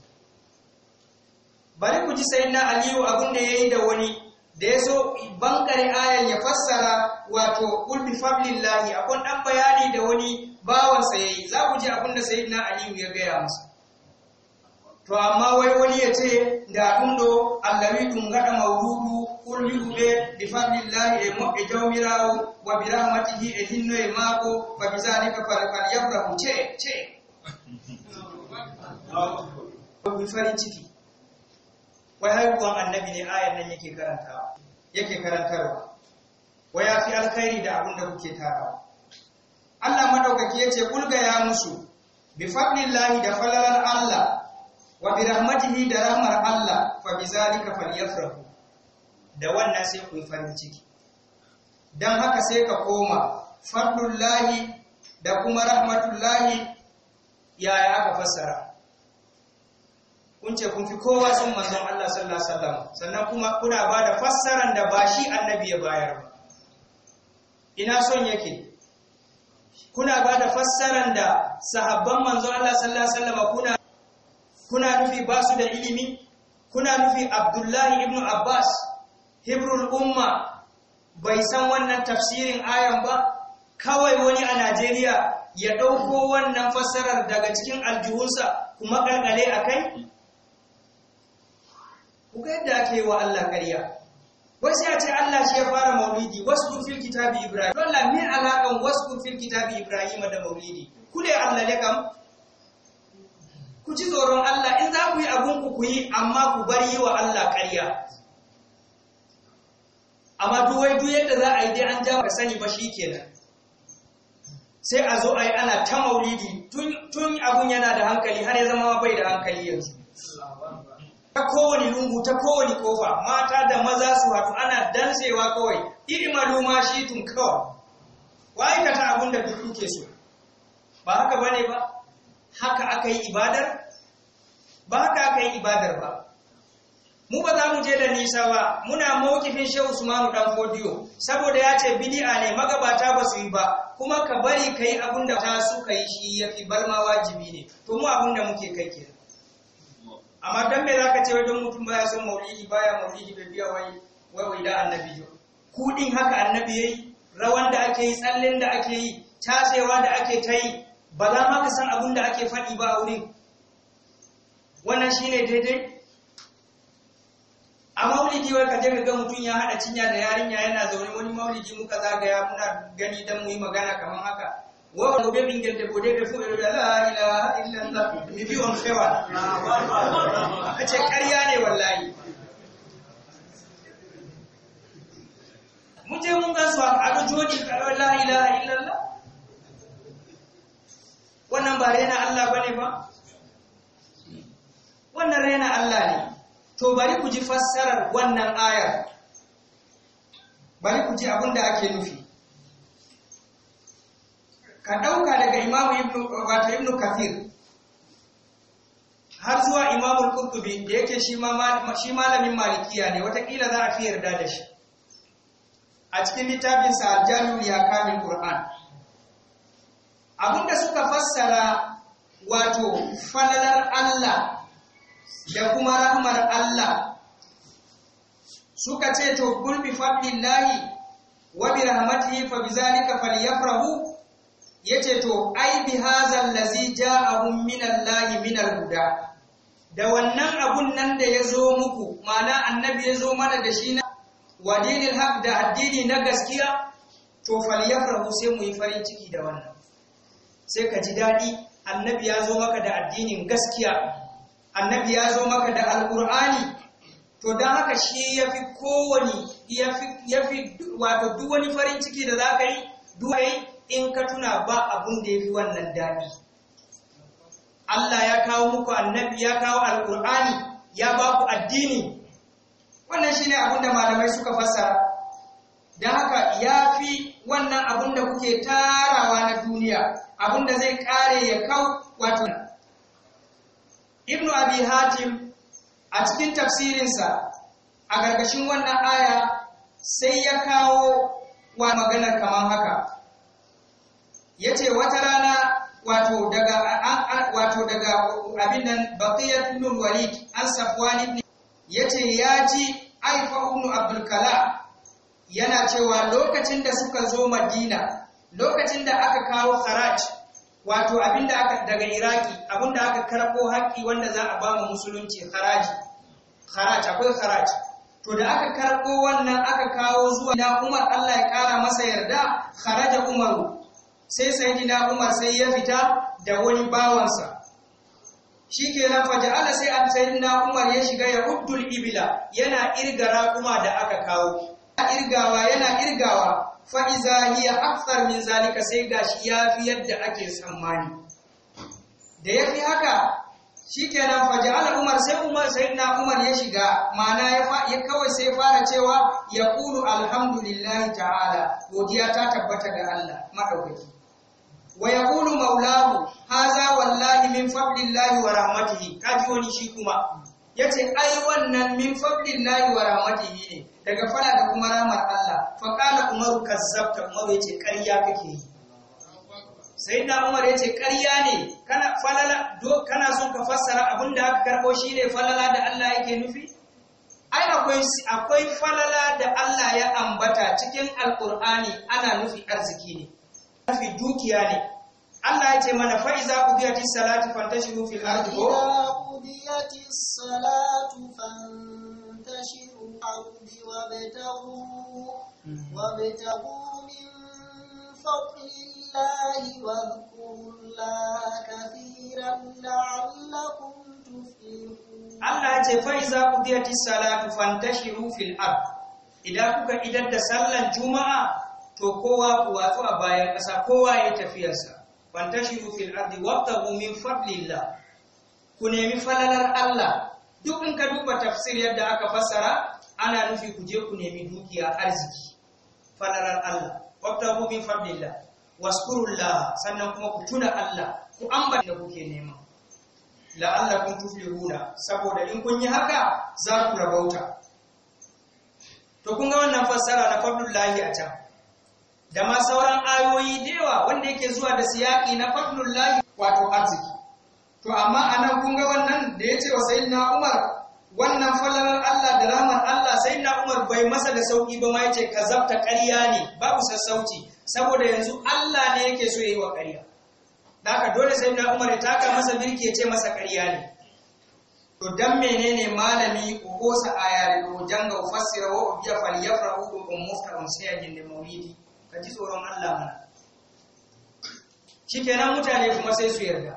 bari ku ji sayyidina aliyu abin da yayi da wani da ya so bankare ayan ya fassara wato qul bi fadlillahi akwai dan bayani da wani bawansa ya yi za ku ji abin da sayyidina aliyu ya gaya masa to amma wai wani ya ce da ɗum ɗo allawi ɗum gaɗa mawrudu kulliɗuɓe bi fadlillahi e, e jau mirawo, wa bi rahmatihi e hinnoye mako ba bi zalika falkal yabrahu ce ce ɗi farin ciki wai haihuwan annabi ne ayan nan yake karantawa yake karantarwa wa ya fi alkhairi da abin da kuke tarawa Allah madaukaki yace kulga ya musu bi fadlillahi da falalar Allah wa bi rahmatihi da rahmar Allah fa bi zalika falyafrahu da wannan sai ku farin ciki dan haka sai ka koma fadlullahi da kuma rahmatullahi yaya aka fassara kun ce kun fi kowa son manzon Allah sallallahu alaihi wasallam sannan kuma kuna ba da fassaran da ba shi annabi ya bayar ba ina son yake kuna ba da fassaran da sahabban manzon Allah sallallahu alaihi wasallam kuna kuna nufi ba su da ilimi kuna nufi Abdullahi ibn Abbas Hibrul Umma bai san wannan tafsirin ayan ba kawai wani a Najeriya ya ɗauko wannan fassarar daga cikin aljihunsa kuma ƙalƙale a kai ku yadda ake yi wa Allah wasu ya ce Allah shi ya fara maulidi wasu kun fil kitabi Ibrahim dole lami alakan wasu kun fil kitabi Ibrahim da maulidi ku ne, Allah ne kam ku ci tsoron Allah in za ku yi abun ku ku yi amma ku bari yi wa Allah ƙarya amma duwai duk yadda za a yi dai an ja ba sani ba shi kenan. sai a zo a yi ana ta maulidi tun abun yana da hankali har ya zama bai da hankali yanzu ta kowane lungu ta kowane kofa mata da maza su haɗu ana dansewa kawai maluma shi tun kawai wa aikata abin da duk duke so ba haka ba ne ba haka aka yi ibadar ba haka aka yi ibadar ba mu ba za mu je da nisa ba muna mawkifin shehu usmanu dan fodiyo saboda ya ce bidi'a ne magabata ba su yi ba kuma ka bari ka yi abin da ta suka yi shi ya yafi balma wajibi ne to mu abin da muke kai kenan amma dan me zaka ce wai don mutum baya son maulidi baya maulidi bai biya wai wai wai da annabi ba kudin haka annabi yayi rawan da ake yi tsallen da ake yi tasewa da ake ta yi ba za ma ka san abin da ake faɗi ba a wurin wannan shine daidai a maulidi wai ka je ka ga mutum ya haɗa cinya da yarinya yana zaune wani maulidi muka zagaya muna gani dan mu yi magana kamar haka Wao be ɓingel debbo dai ɓe fu ɓe ɗo wiya la ilaha illa llah mi bi on a ce ƙarya ne wallahi mu je mun ga su a ɗo jooɗi ka ɗo la ilaha illa llah wannan ba rena Allah bane ba wannan rena Allah ne to bari ku ji fassarar wannan ayar bari ku ji abin da ake nufi ka ɗauka daga imamu ibnu wato ibnu kathir har zuwa imamu qurtubi da yake shi malamin malikiya ne watakila za a fi yarda da shi a cikin littafinsa sa al ya kamil qur'an abinda suka fassara wato falalar Allah da kuma rahmar Allah suka ce to gulbi fadlillahi wa bi rahmatihi fa zalika falyafrahu yace to ai bi hazal ladzi ja'ahum min Allahi min al-huda da wannan abun nan da ya zo muku ma'ana annabi ya zo mana da shi na wa dinil haq da addini na gaskiya to falyafrahu sai mu yi farin ciki da wannan sai ka ji daɗi annabi ya zo maka da addinin gaskiya annabi ya zo maka da alƙur'ani to dan haka shi ya fi kowani yafi yafi wato duk wani farin ciki da za ka yi duk in ka tuna ba abun da ya fi wannan daɗi Allah ya kawo muku annabi ya kawo alƙur'ani ya ba ku addini wannan shine abun da malamai suka fassara da haka ya fi wannan abun da kuke tarawa na duniya abun da zai kare ya kau wato ibnu abi hatim a cikin tafsirinsa a gargashin wannan aya sai ya kawo wa maganar kamar haka Ya ce wata rana wato daga wato daga abin nan baqiyat ibn walid an safwan ibn ce ya ji aifa ibn abdul kalam yana cewa lokacin da suka zo madina lokacin da aka kawo haraj wato da aka daga iraki abin da aka karɓo haƙƙi wanda za a ba mu musulunci haraji haraj akwai haraj to da aka karɓo wannan aka kawo zuwa na umar allah ya ƙara masa yarda kharaja umaru sai sayyidina umar sai ya fita da wani bawansa shi ke faja Allah sai an sayyidina umar ya shiga ya uddul ibila yana irga raƙuma da aka kawo irgawa yana irgawa fa iza hiya akthar min zalika sai gashi yafi yadda ake tsammani da yafi haka shikenan faja'ala Umar sai Umar sayyidina Umar ya shiga mana ya kawai sai fara cewa ya alhamdulillahi ta'ala godiya ta tabbata ga Allah madaukaki wa yaqulu maulahu haza wallahi min fadlillahi wa rahmatihi kaji wani shi kuma yace ai wannan min fadlillahi wa rahmatihi ne daga fara da kuma ramar Allah fa kana umaru kazzabta umaru yace ƙarya kake yi sai umar yace, ce ƙarya ne kana falala do kana son ka fassara abin da aka karɓo shi ne falala da Allah yake nufi ai akwai akwai falala da Allah ya ambata cikin alkur'ani ana nufi arziki ne nufi dukiya ne Allah ya ce mana fa iza qudiyatis salatu fantashiru fil ardi ko qudiyatis salatu fantashiru ardi wabtaghu wabtaghu min fadlillahi wadhkurullaha kathiran la'allakum tuflihun Allah ya ce fa iza qudiyatis salatu fantashiru fil ardi idan kuka idan da sallan juma'a to kowa wato a bayan ƙasa kowa ya tafiyarsa fantashiru fil ardi wabtagu min fadlillah ku nemi falalar Allah duk in ka duba tafsir yadda aka fassara ana nufi ku je ku nemi dukiya arziki falalar Allah wabtagu min fadlillah waskurullah sannan kuma ku tuna Allah ku ambata da kuke nema la'allakum tuflihuna saboda in kun yi haka za ku rabauta to kun ga wannan fassara na fadlullahi a can da ma sauran ayoyi da yawa wanda yake zuwa da siyaki na lahi wato arziki to amma anan kun ga wannan da ya ce wa sayyidina Umar wannan falalar Allah da rahmar Allah sayyidina Umar bai masa da sauki ba ma yace kazabta ƙarya ne babu sassauci saboda yanzu Allah ne yake so yi wa ƙarya haka dole sayyidina Umar ya taka masa birki ya ce masa ƙarya ne to dan menene malami ko sa ayar ko janga fassira wa ubiya fal bi ummufta umsiya maulidi ka ji tsoron Allah mana shikenan mutane kuma sai su yarda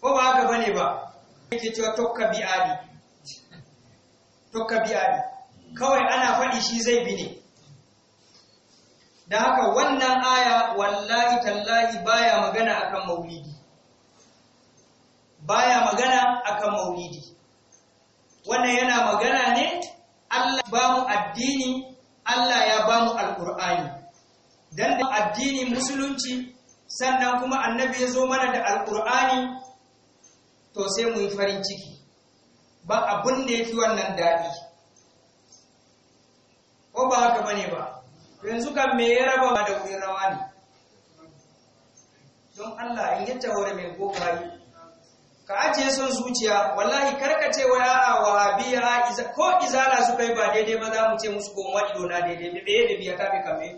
ko ba haka bane ba yake cewa tokka bi abi tokka bi abi kawai ana faɗi shi zai bi ne da haka wannan aya wallahi tallahi baya magana akan maulidi baya magana akan maulidi wannan yana magana ne Allah ba mu addini Allah ya ba mu alƙur'ani dan da addini musulunci sannan kuma annabi ya zo mana da alƙur'ani to sai mu yi farin ciki ba abun da ya fi wannan daɗi ko ba haka ba ne ba yanzu kan me ya raba da wurin rawa ne don Allah in ya tawar mai kokari ka ajiye son zuciya wallahi karkace wa ya'a wahabiya ko izala su kai ba daidai ba za mu ce musu kowa ido na daidai me beye da biya fi kame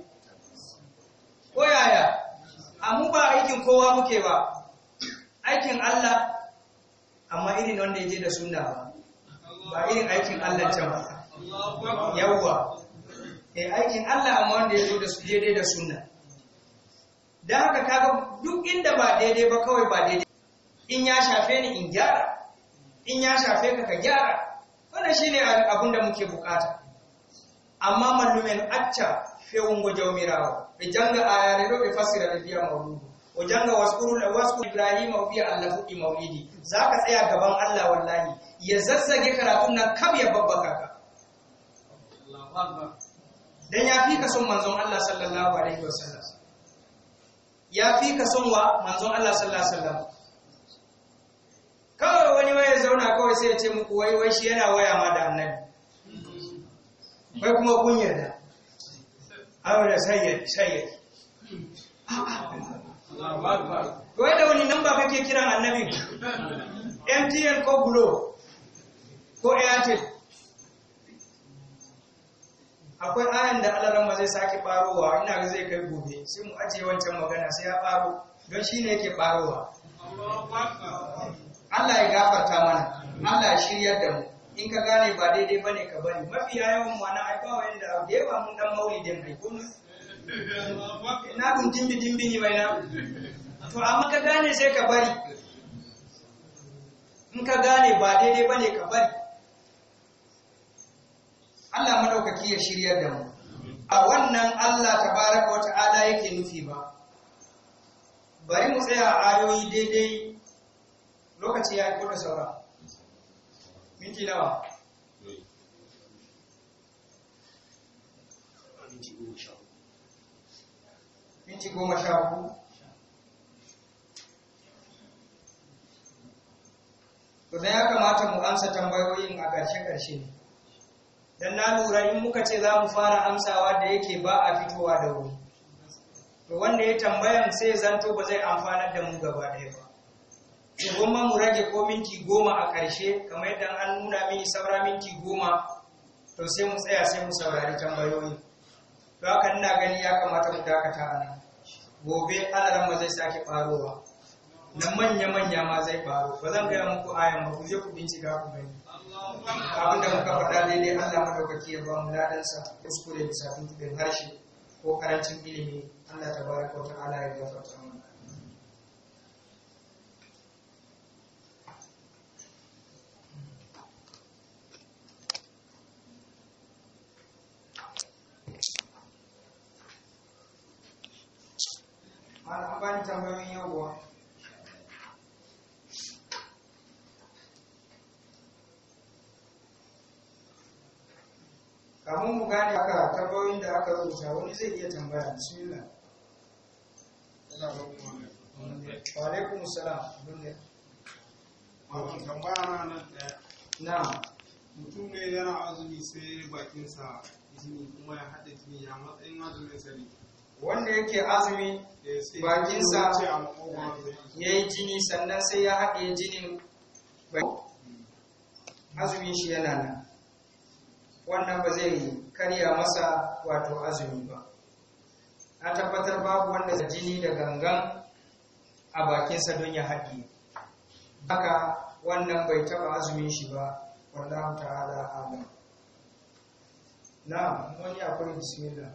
ko yaya amma ba aikin kowa muke ba aikin Allah amma irin wanda ya je da sunna ba ba irin aikin Allah can ba yawwa eh aikin Allah amma wanda ya zo da su daidai da sunna dan haka kaga duk inda ba daidai ba kawai ba daidai in ya shafe ni in gyara in ya shafe ka ka gyara wannan shine abin da muke bukata amma mallumen acca fewungo jawmirawo ɓe janga ayare do ɓe fasira da biya mawludu o janga wasku ibrahima o mbiya allah fuɗɗi mawlidi za ka tsaya gaban allah wallahi ya zazzage karatun nan kam ya babbaka ka dan ya fi ka son manzon allah sallallahu alaihi wasallam ya fi ka son wa manzon allah sallallahu alaihi wasallam kawai wani waya zauna kawai sai ya ce muku wai wai shi yana waya ma da annabi wai kuma kun yarda abada sayyadi sayyadi wai da wani namba kake kiran annabi mtn ko glo ko airtel akwai ayan da alarama zai sake farowa ina ga zai kai gobe sai mu ajiye wancan magana sai ya faro don shi ne yake barowa Allah ya gafarta mana Allah ya shiryar da mu in ka gane ba daidai bane ka bari mafi yawan mu ana aiba wanda abu da yawa mun dan maulidin mai kunu. na kun dimbi dimbi ni mai na to amma ka gane sai ka bari in ka gane ba daidai bane ka bari Allah madaukaki ya shiryar da mu a wannan Allah tabaraka wata ala yake nufi ba bari mu tsaya a ayoyi daidai lokaci ya yi ko saura minti nawa minti goma sha uku to ya kamata mu amsa tambayoyin a ƙarshe-ƙarshe don na lura in muka ce za mu fara amsawa da yake ba a fitowa da wuri to wanda ya tambayan sai zanto ba zai amfanar da mu gaba ɗaya ba goma mu rage ko minti goma a ƙarshe kamar yadda an nuna mini saura minti goma to sai mu tsaya sai mu saurari tambayoyi to haka ina gani ya kamata mu dakata a nan gobe alaran ma zai sake ɓarowa. na manya-manya ma zai ɓaro, ba zan gaya muku ayan ba ku je ku bincika ku gani abin da muka faɗa daidai Allah madaukaki ya ba mu ladansa kuskure bisa tuntubin harshe ko karancin ilimi Allah tabaraka wa ta'ala ya gafarta malam bani tambayoyin yawwa kamun mu gane aka tambayoyin da aka rubuta wani zai iya tambaya bismillah wa alaikum salam abin tambaya na nan daya na mutum ne yana azumi sai bakinsa jini kuma ya haɗa jini ya matsayin azumin sa ne wanda yake azumi bakinsa ya yi jini sannan sai ya haɗe jinin azumin shi yana nan wannan ba zai karya masa wato azumi ba na tabbatar babu wanda jini da gangan a bakinsa don ya haɗe haka wannan bai taɓa azumin shi ba wanda ta hada amin na wani akwai bismillah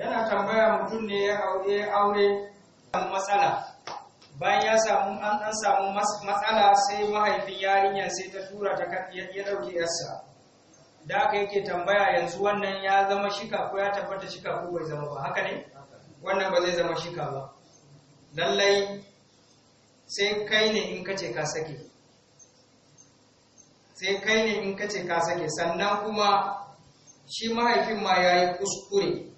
yana tambaya mutum ne ya aure matsala bayan ya samu an an samu matsala sai mahaifin yarinya sai ta tura ta ya dauki yarsa da aka yake tambaya yanzu wannan ya zama shika ko ya tabbata shika ko bai zama ba haka ne wannan ba zai zama shika ba lallai sai kai ne in kace ka sake sai kai ne in kace ka sake sannan kuma shi mahaifin ma yayi kuskure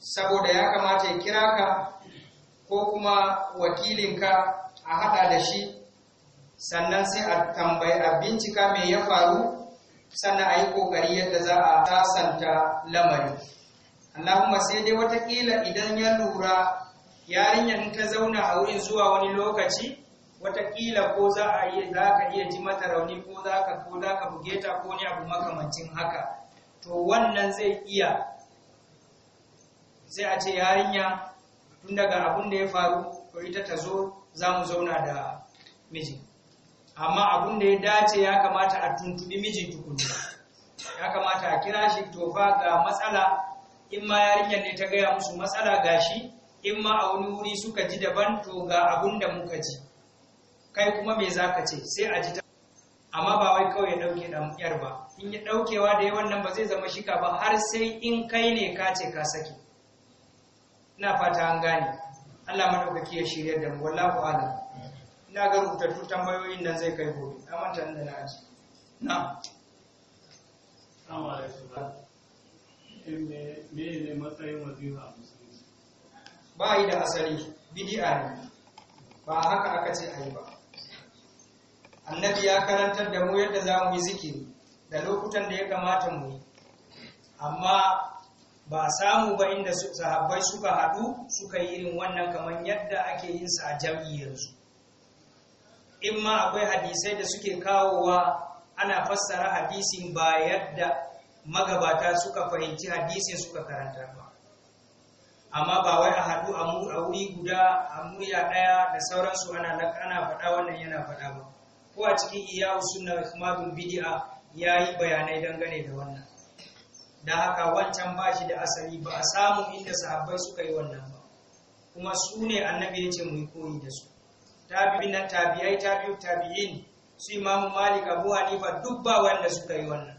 saboda ya kamata ya kira ka ko kuma wakilinka a haɗa da shi sannan sai a tambayi a bincika mai ya faru sannan a yi ƙoƙari yadda za a sasanta lamari. allahumma sai dai watakila idan ya lura yarinyar ta zauna a wurin zuwa wani lokaci watakila ko za a iya za ka iya ji mata rauni ko za ka ko za ka buge ta ko ne abu makamancin haka to wannan zai iya sai a ce yarinya tun daga abin da ya faru to ita ta zo za mu zauna da miji. amma abin da ya dace ya kamata a tuntubi mijin tukuni ya kamata a kira shi tofa ga matsala in ma yarinyar ne ta gaya musu matsala gashi in ma a wani wuri suka ji daban to ga abin da muka ji kai kuma me za ka ce sai a ji ta amma ba wai kawai ya ɗauke ɗan ba in ya ɗaukewa da yawan nan ba zai zama shika ba har sai in kai ne ka ce ka sake ina fata an gane Allah madaukaki ya shirya da mu wallahu alam ina ga rubutattu tambayoyin nan zai kai gobe na manta inda na aji na assalamu alaikum me ne matsayin wazifa ba yi da asali bid'a ne ba haka aka ce ayi ba annabi ya karantar da mu yadda za mu yi zikiri da lokutan da ya kamata mu yi amma ba a samu ba inda sahabbai suka haɗu suka yi irin wannan kamar yadda ake yin sa a jam'i yanzu in ma akwai hadisai da suke kawowa ana fassara hadisin ba yadda magabata suka fahimci hadisin suka karanta ba amma ba wai a haɗu a wuri guda a murya ɗaya da sauransu ana ana faɗa wannan yana faɗa ba ko a cikin iyawu suna ihmadul ya yayi bayanai dangane da wannan da haka wancan ba shi da asali ba a samu inda sahabbai suka yi wannan ba kuma su ne annabi ya ce mu yi koyi da su tabi'in nan tabi'ai tabi'u tabi'in su imamu malik abu hanifa duk ba wanda suka yi wannan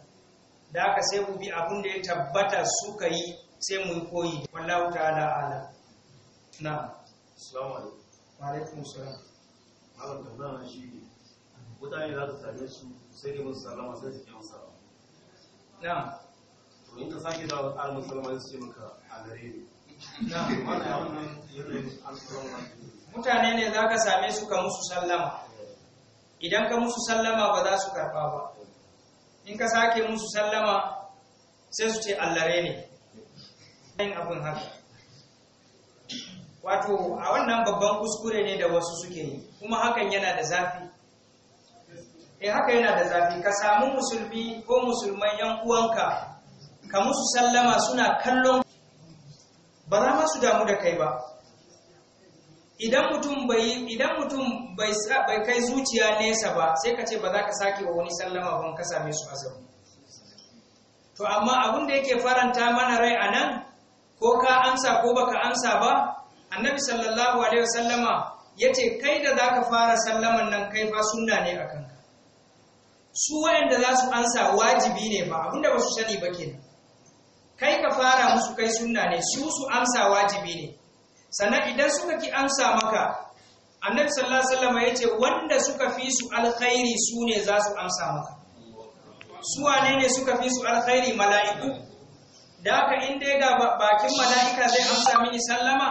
da haka sai mu bi abin da ya tabbata suka yi sai mu yi koyi wallahu ta'ala ala na assalamu alaikum wa alaikum salam malam tambaya shi ne mutane za su same su sai dai mun salama, sai su kiyan sallama na'am in ka sake da ce maka mutane ne za ka same su ka musu sallama idan ka musu sallama ba za su karfa ba in ka sake musu sallama sai su ce allare ne yin abin haka wato a wannan babban kuskure ne da wasu suke yi kuma hakan yana da zafi eh haka yana da zafi ka samu musulmi ko musulman yan uwanka ka musu sallama suna kallon ba za ma su damu da kai ba idan mutum bai kai zuciya nesa ba sai ka ce ba za ka sake wa wani sallama ban ka same su azumi to amma abin da yake faranta mana rai a nan, ko ka amsa ko baka amsa ba annabi sallallahu alaihi wasallama ce kai da za ka fara sallaman nan kai fa sunna ne a kanka. su wayanda za su ansa wajibi ne ba abinda ba su sani ba kenan kai ka fara musu kai sunna ne su su amsa wajibi ne sannan idan suka ki amsa maka annabi sallallahu alaihi wasallam yace wanda suka fi su alkhairi su ne za su amsa maka su wane ne suka fi su alkhairi mala'iku da haka in dai ga bakin mala'ika zai amsa mini sallama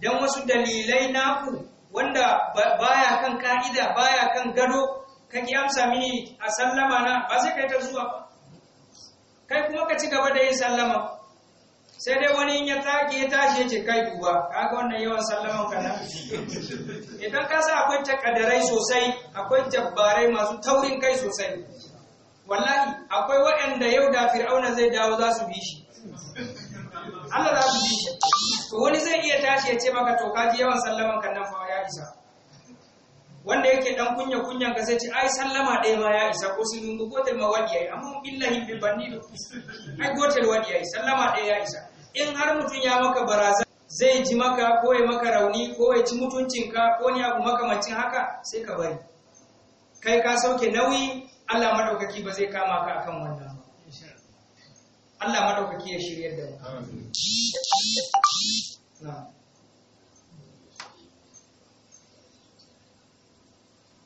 dan wasu dalilai naku wanda baya kan ka'ida baya kan gado kake amsa mini a sallama na ba sai kai ta zuwa kai kuma ka ci gaba da yin sallama sai dai wani in ya taki ya tashi ya ce kai duba kaga wannan yawan sallaman ka nan idan ka sa akwai takadarai sosai akwai jabbarai masu taurin kai sosai wallahi akwai waɗanda yau da fir'auna zai dawo za su bi shi Allah za su bi shi to wani zai iya tashi ya ce maka to kaji yawan sallaman ka nan fa ya isa wanda yake dan kunya kunyan ka sai ce ai sallama ɗaya ma ya isa ko sun mu gotel ma wadi yayi amma billahi bil bandido ai gotel wadi yayi sallama ɗaya ya isa in har mutun ya maka baraza zai ji maka ko ya maka rauni ko ya ci mutuncinka ko ni abu macin haka sai ka bari kai ka sauke nauyi Allah madaukaki ba zai kama ka akan wannan ba Allah madaukaki ya shiryar da mu amin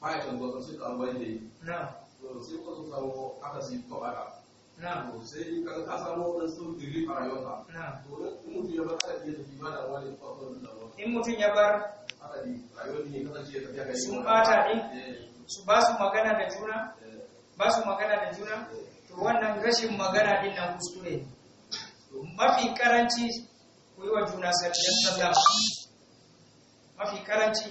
baya kan zuwa sai karu da yi. Na. sai kuka sun samu aka sai kuka Na. to sai kaga ka samu sun digiri a rayuwarka to in mutum ya bar adadi ya tafi bada wani kuka kuma da wani in mutum ya bar adadi rayuwar ne kasance ya tafiya ga sun bata ne eh. su ba su magana da juna eh. ba su magana da juna eh. to wannan rashin magana din nan kuskure mafi karanci ku yi wa juna sallallahu mafi karanci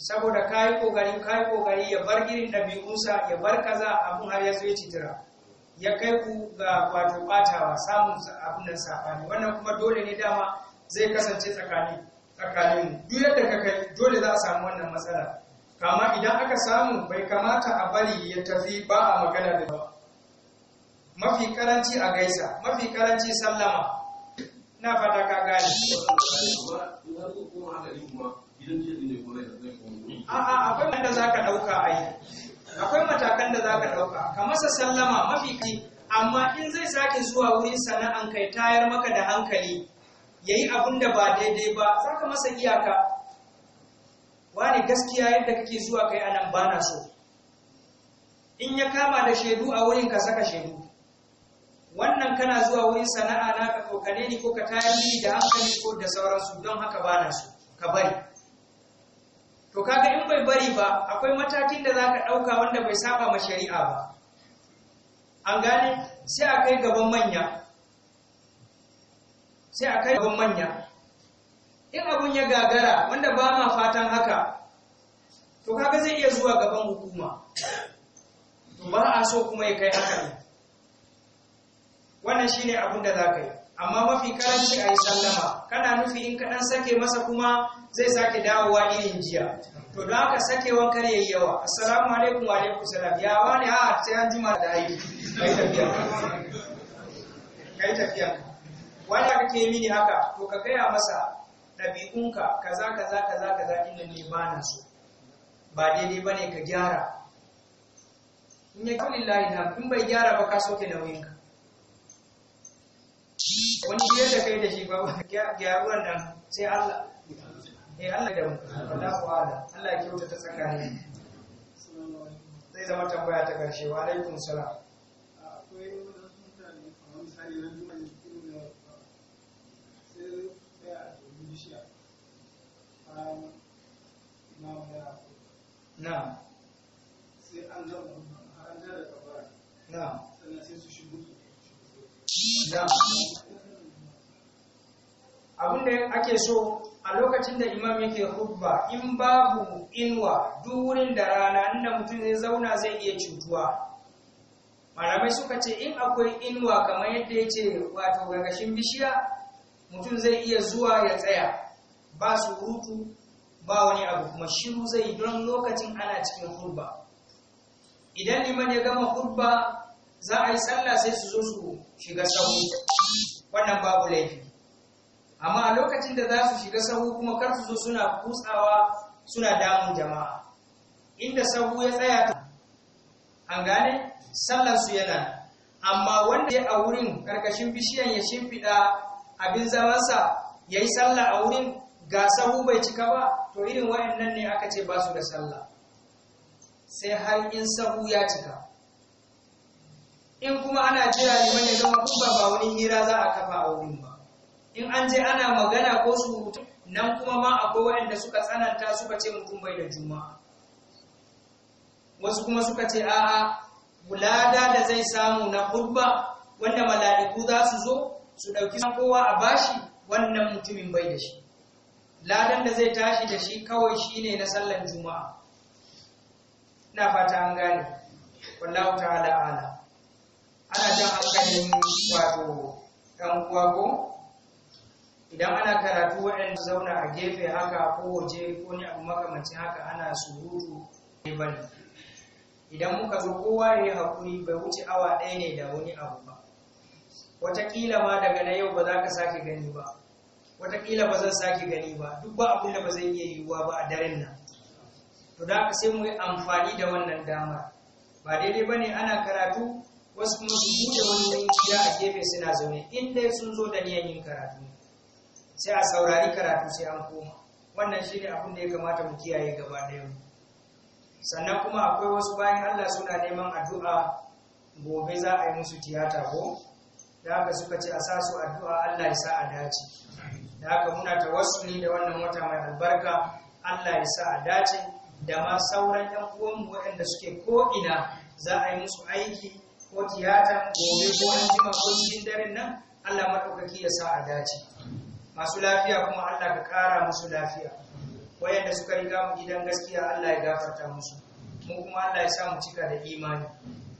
saboda kayi kokari kayi kogari ya bar irin ɗabi'unsa ya bar kaza abin har ya zo jira, ya kai ku ga wato batawa samun abin da safani wannan kuma dole ne dama zai kasance tsakani tsakanin duk yadda ka kai dole za a samu wannan matsala kama idan aka samu bai kamata a bari ya tafi ba a magana da ba mafi karanci a gaisa mafi karanci sallama na fata ka gane a'a akwai wanda zaka dauka ai akwai matakan da zaka dauka ka masa sallama mafi kai amma in zai sake zuwa wurin sana'an kai tayar maka da hankali yayi abin da ba daidai ba zaka masa iyaka wani gaskiya yadda kake zuwa kai anan bana so in ya kama da shaidu a wurin ka saka shaidu wannan kana zuwa wurin sana'a na ka kokane ni ko ka tayar ni da hankali ko da sauransu don haka bana so ka bari to kaga in bai bari ba akwai matakin da zaka dauka wanda bai saba ma shari'a ba an gane sai a kai gaban manya sai a gaban manya in abun ya gagara wanda ba ma fatan haka to kaga zai iya zuwa gaban hukuma to ba a so kuma ya kai haka wannan shine abun da zaka yi amma mafi karanci a yi sallama kana nufi in kaɗan sake masa kuma zai sake dawowa irin jiya to don haka sakewan kar yayi yawa assalamu alaikum wa alaikum salam ya wani a sai an jima da yi kai tafiya kai tafiya wanda kake mini haka to ka gaya masa dabi'unka kaza kaza kaza kaza inda ne ba na so ba daidai bane ka gyara in ya kulli lahi in bai gyara ba ka soke nauyinka wani biyar da kai da shi ba gyaruwan nan sai Allah eh Allah da mu Wanda ku Allah ya kyauta ta tsakani zai zama tambaya ta karshe wa alaikum salam akwai na sai a an jara na sannan sai su su abin da ake so a lokacin da imam yake hudba in babu inuwa duk wurin da rana inda mutum zai zauna zai iya cutuwa malamai suka ce in akwai inuwa kamar yadda ya ce wato gagashin bishiya mutum zai iya zuwa ya tsaya ba surutu ba wani abu kuma shiru zai yi don lokacin ana cikin hudba idan liman ya gama hudba za a yi sallah sai su zo su shiga sabu wannan babu laifi amma a lokacin da za su shiga sahu kuma kar su zo suna kutsawa suna damun jama'a inda sahu ya tsaya ta, an gane sallar yana amma wanda ya a wurin karkashin bishiyan ya shimfiɗa abin zamansa ya yi sallah a wurin ga sahu bai cika ba to irin waɗannan ne aka ce ba su da sallah sai har in sahu ya cika in kuma ana jira liman ya zama kuma ba wani hira za a kafa a wurin ba in an je ana magana ko su surutu nan kuma ma akwai waɗanda suka tsananta suka ce mutum bai da juma'a wasu kuma suka ce a'a bulada da zai samu na hudba wanda mala'iku za su zo su ɗauki kowa a bashi wannan mutumin bai da shi ladan da zai tashi da shi kawai shine na sallan juma'a ina fata an gane wallahu ta'ala ala ana jan hankalin wato ɗan uwa ko idan ana karatu waɗanda zauna a gefe haka ko waje ko ne abu makamancin haka ana surutu ne ba idan muka zo kowa ya yi haƙuri bai wuce awa ɗaya ne da wani abu ba wataƙila ma daga na yau ba za ka sake gani ba wataƙila ba zan sake gani ba duk ba abin da ba zai iya yiwuwa ba a daren nan to da sai mu amfani da wannan dama ba daidai ba ne ana karatu wasu kuma su buɗe wani gida a gefe suna zaune in dai sun zo da niyan yin karatu sai a saurari karatu sai an koma wannan shi ne abin da ya kamata mu kiyaye gaba ɗaya sannan kuma akwai wasu bayan allah suna neman addu'a gobe za a yi musu tiyata ko da haka suka ce a sa su addu'a allah ya sa a dace da haka muna ni da wannan wata mai albarka allah ya sa a dace da ma sauran yan uwanmu waɗanda suke ko'ina za a yi musu aiki ko tiyata gobe ko an jima ko cikin daren nan allah maɗaukaki ya sa a dace masu lafiya kuma Allah ka kara musu lafiya wayanda suka riga mu gidan gaskiya Allah ya gafarta musu mu kuma Allah ya sa mu cika da imani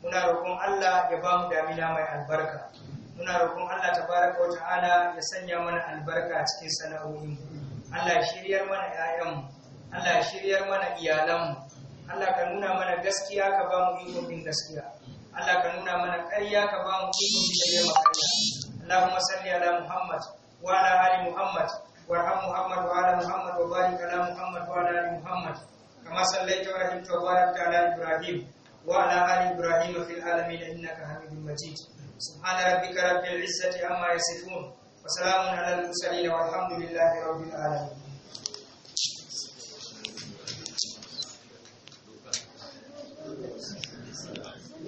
muna roƙon Allah ya ba mu damina mai albarka muna roƙon Allah tabaraka ta'ala ya sanya mana albarka a cikin sana'o'in Allah ya shiryar mana ƴaƴan Allah ya shiryar mana iyalan Allah ka nuna mana gaskiya ka ba mu iko bin gaskiya Allah ka nuna mana ƙarya ka ba mu iko bin ƙarya Allahumma salli ala Muhammad وعلى آل محمد وارحم محمد وعلى محمد وبارك على محمد وعلى آل محمد كما صليت ورحمت وباركت على إبراهيم وعلى آل إبراهيم في العالمين إنك حميد مجيد سبحان ربك رب العزة عما يصفون وسلام على المرسلين والحمد لله رب العالمين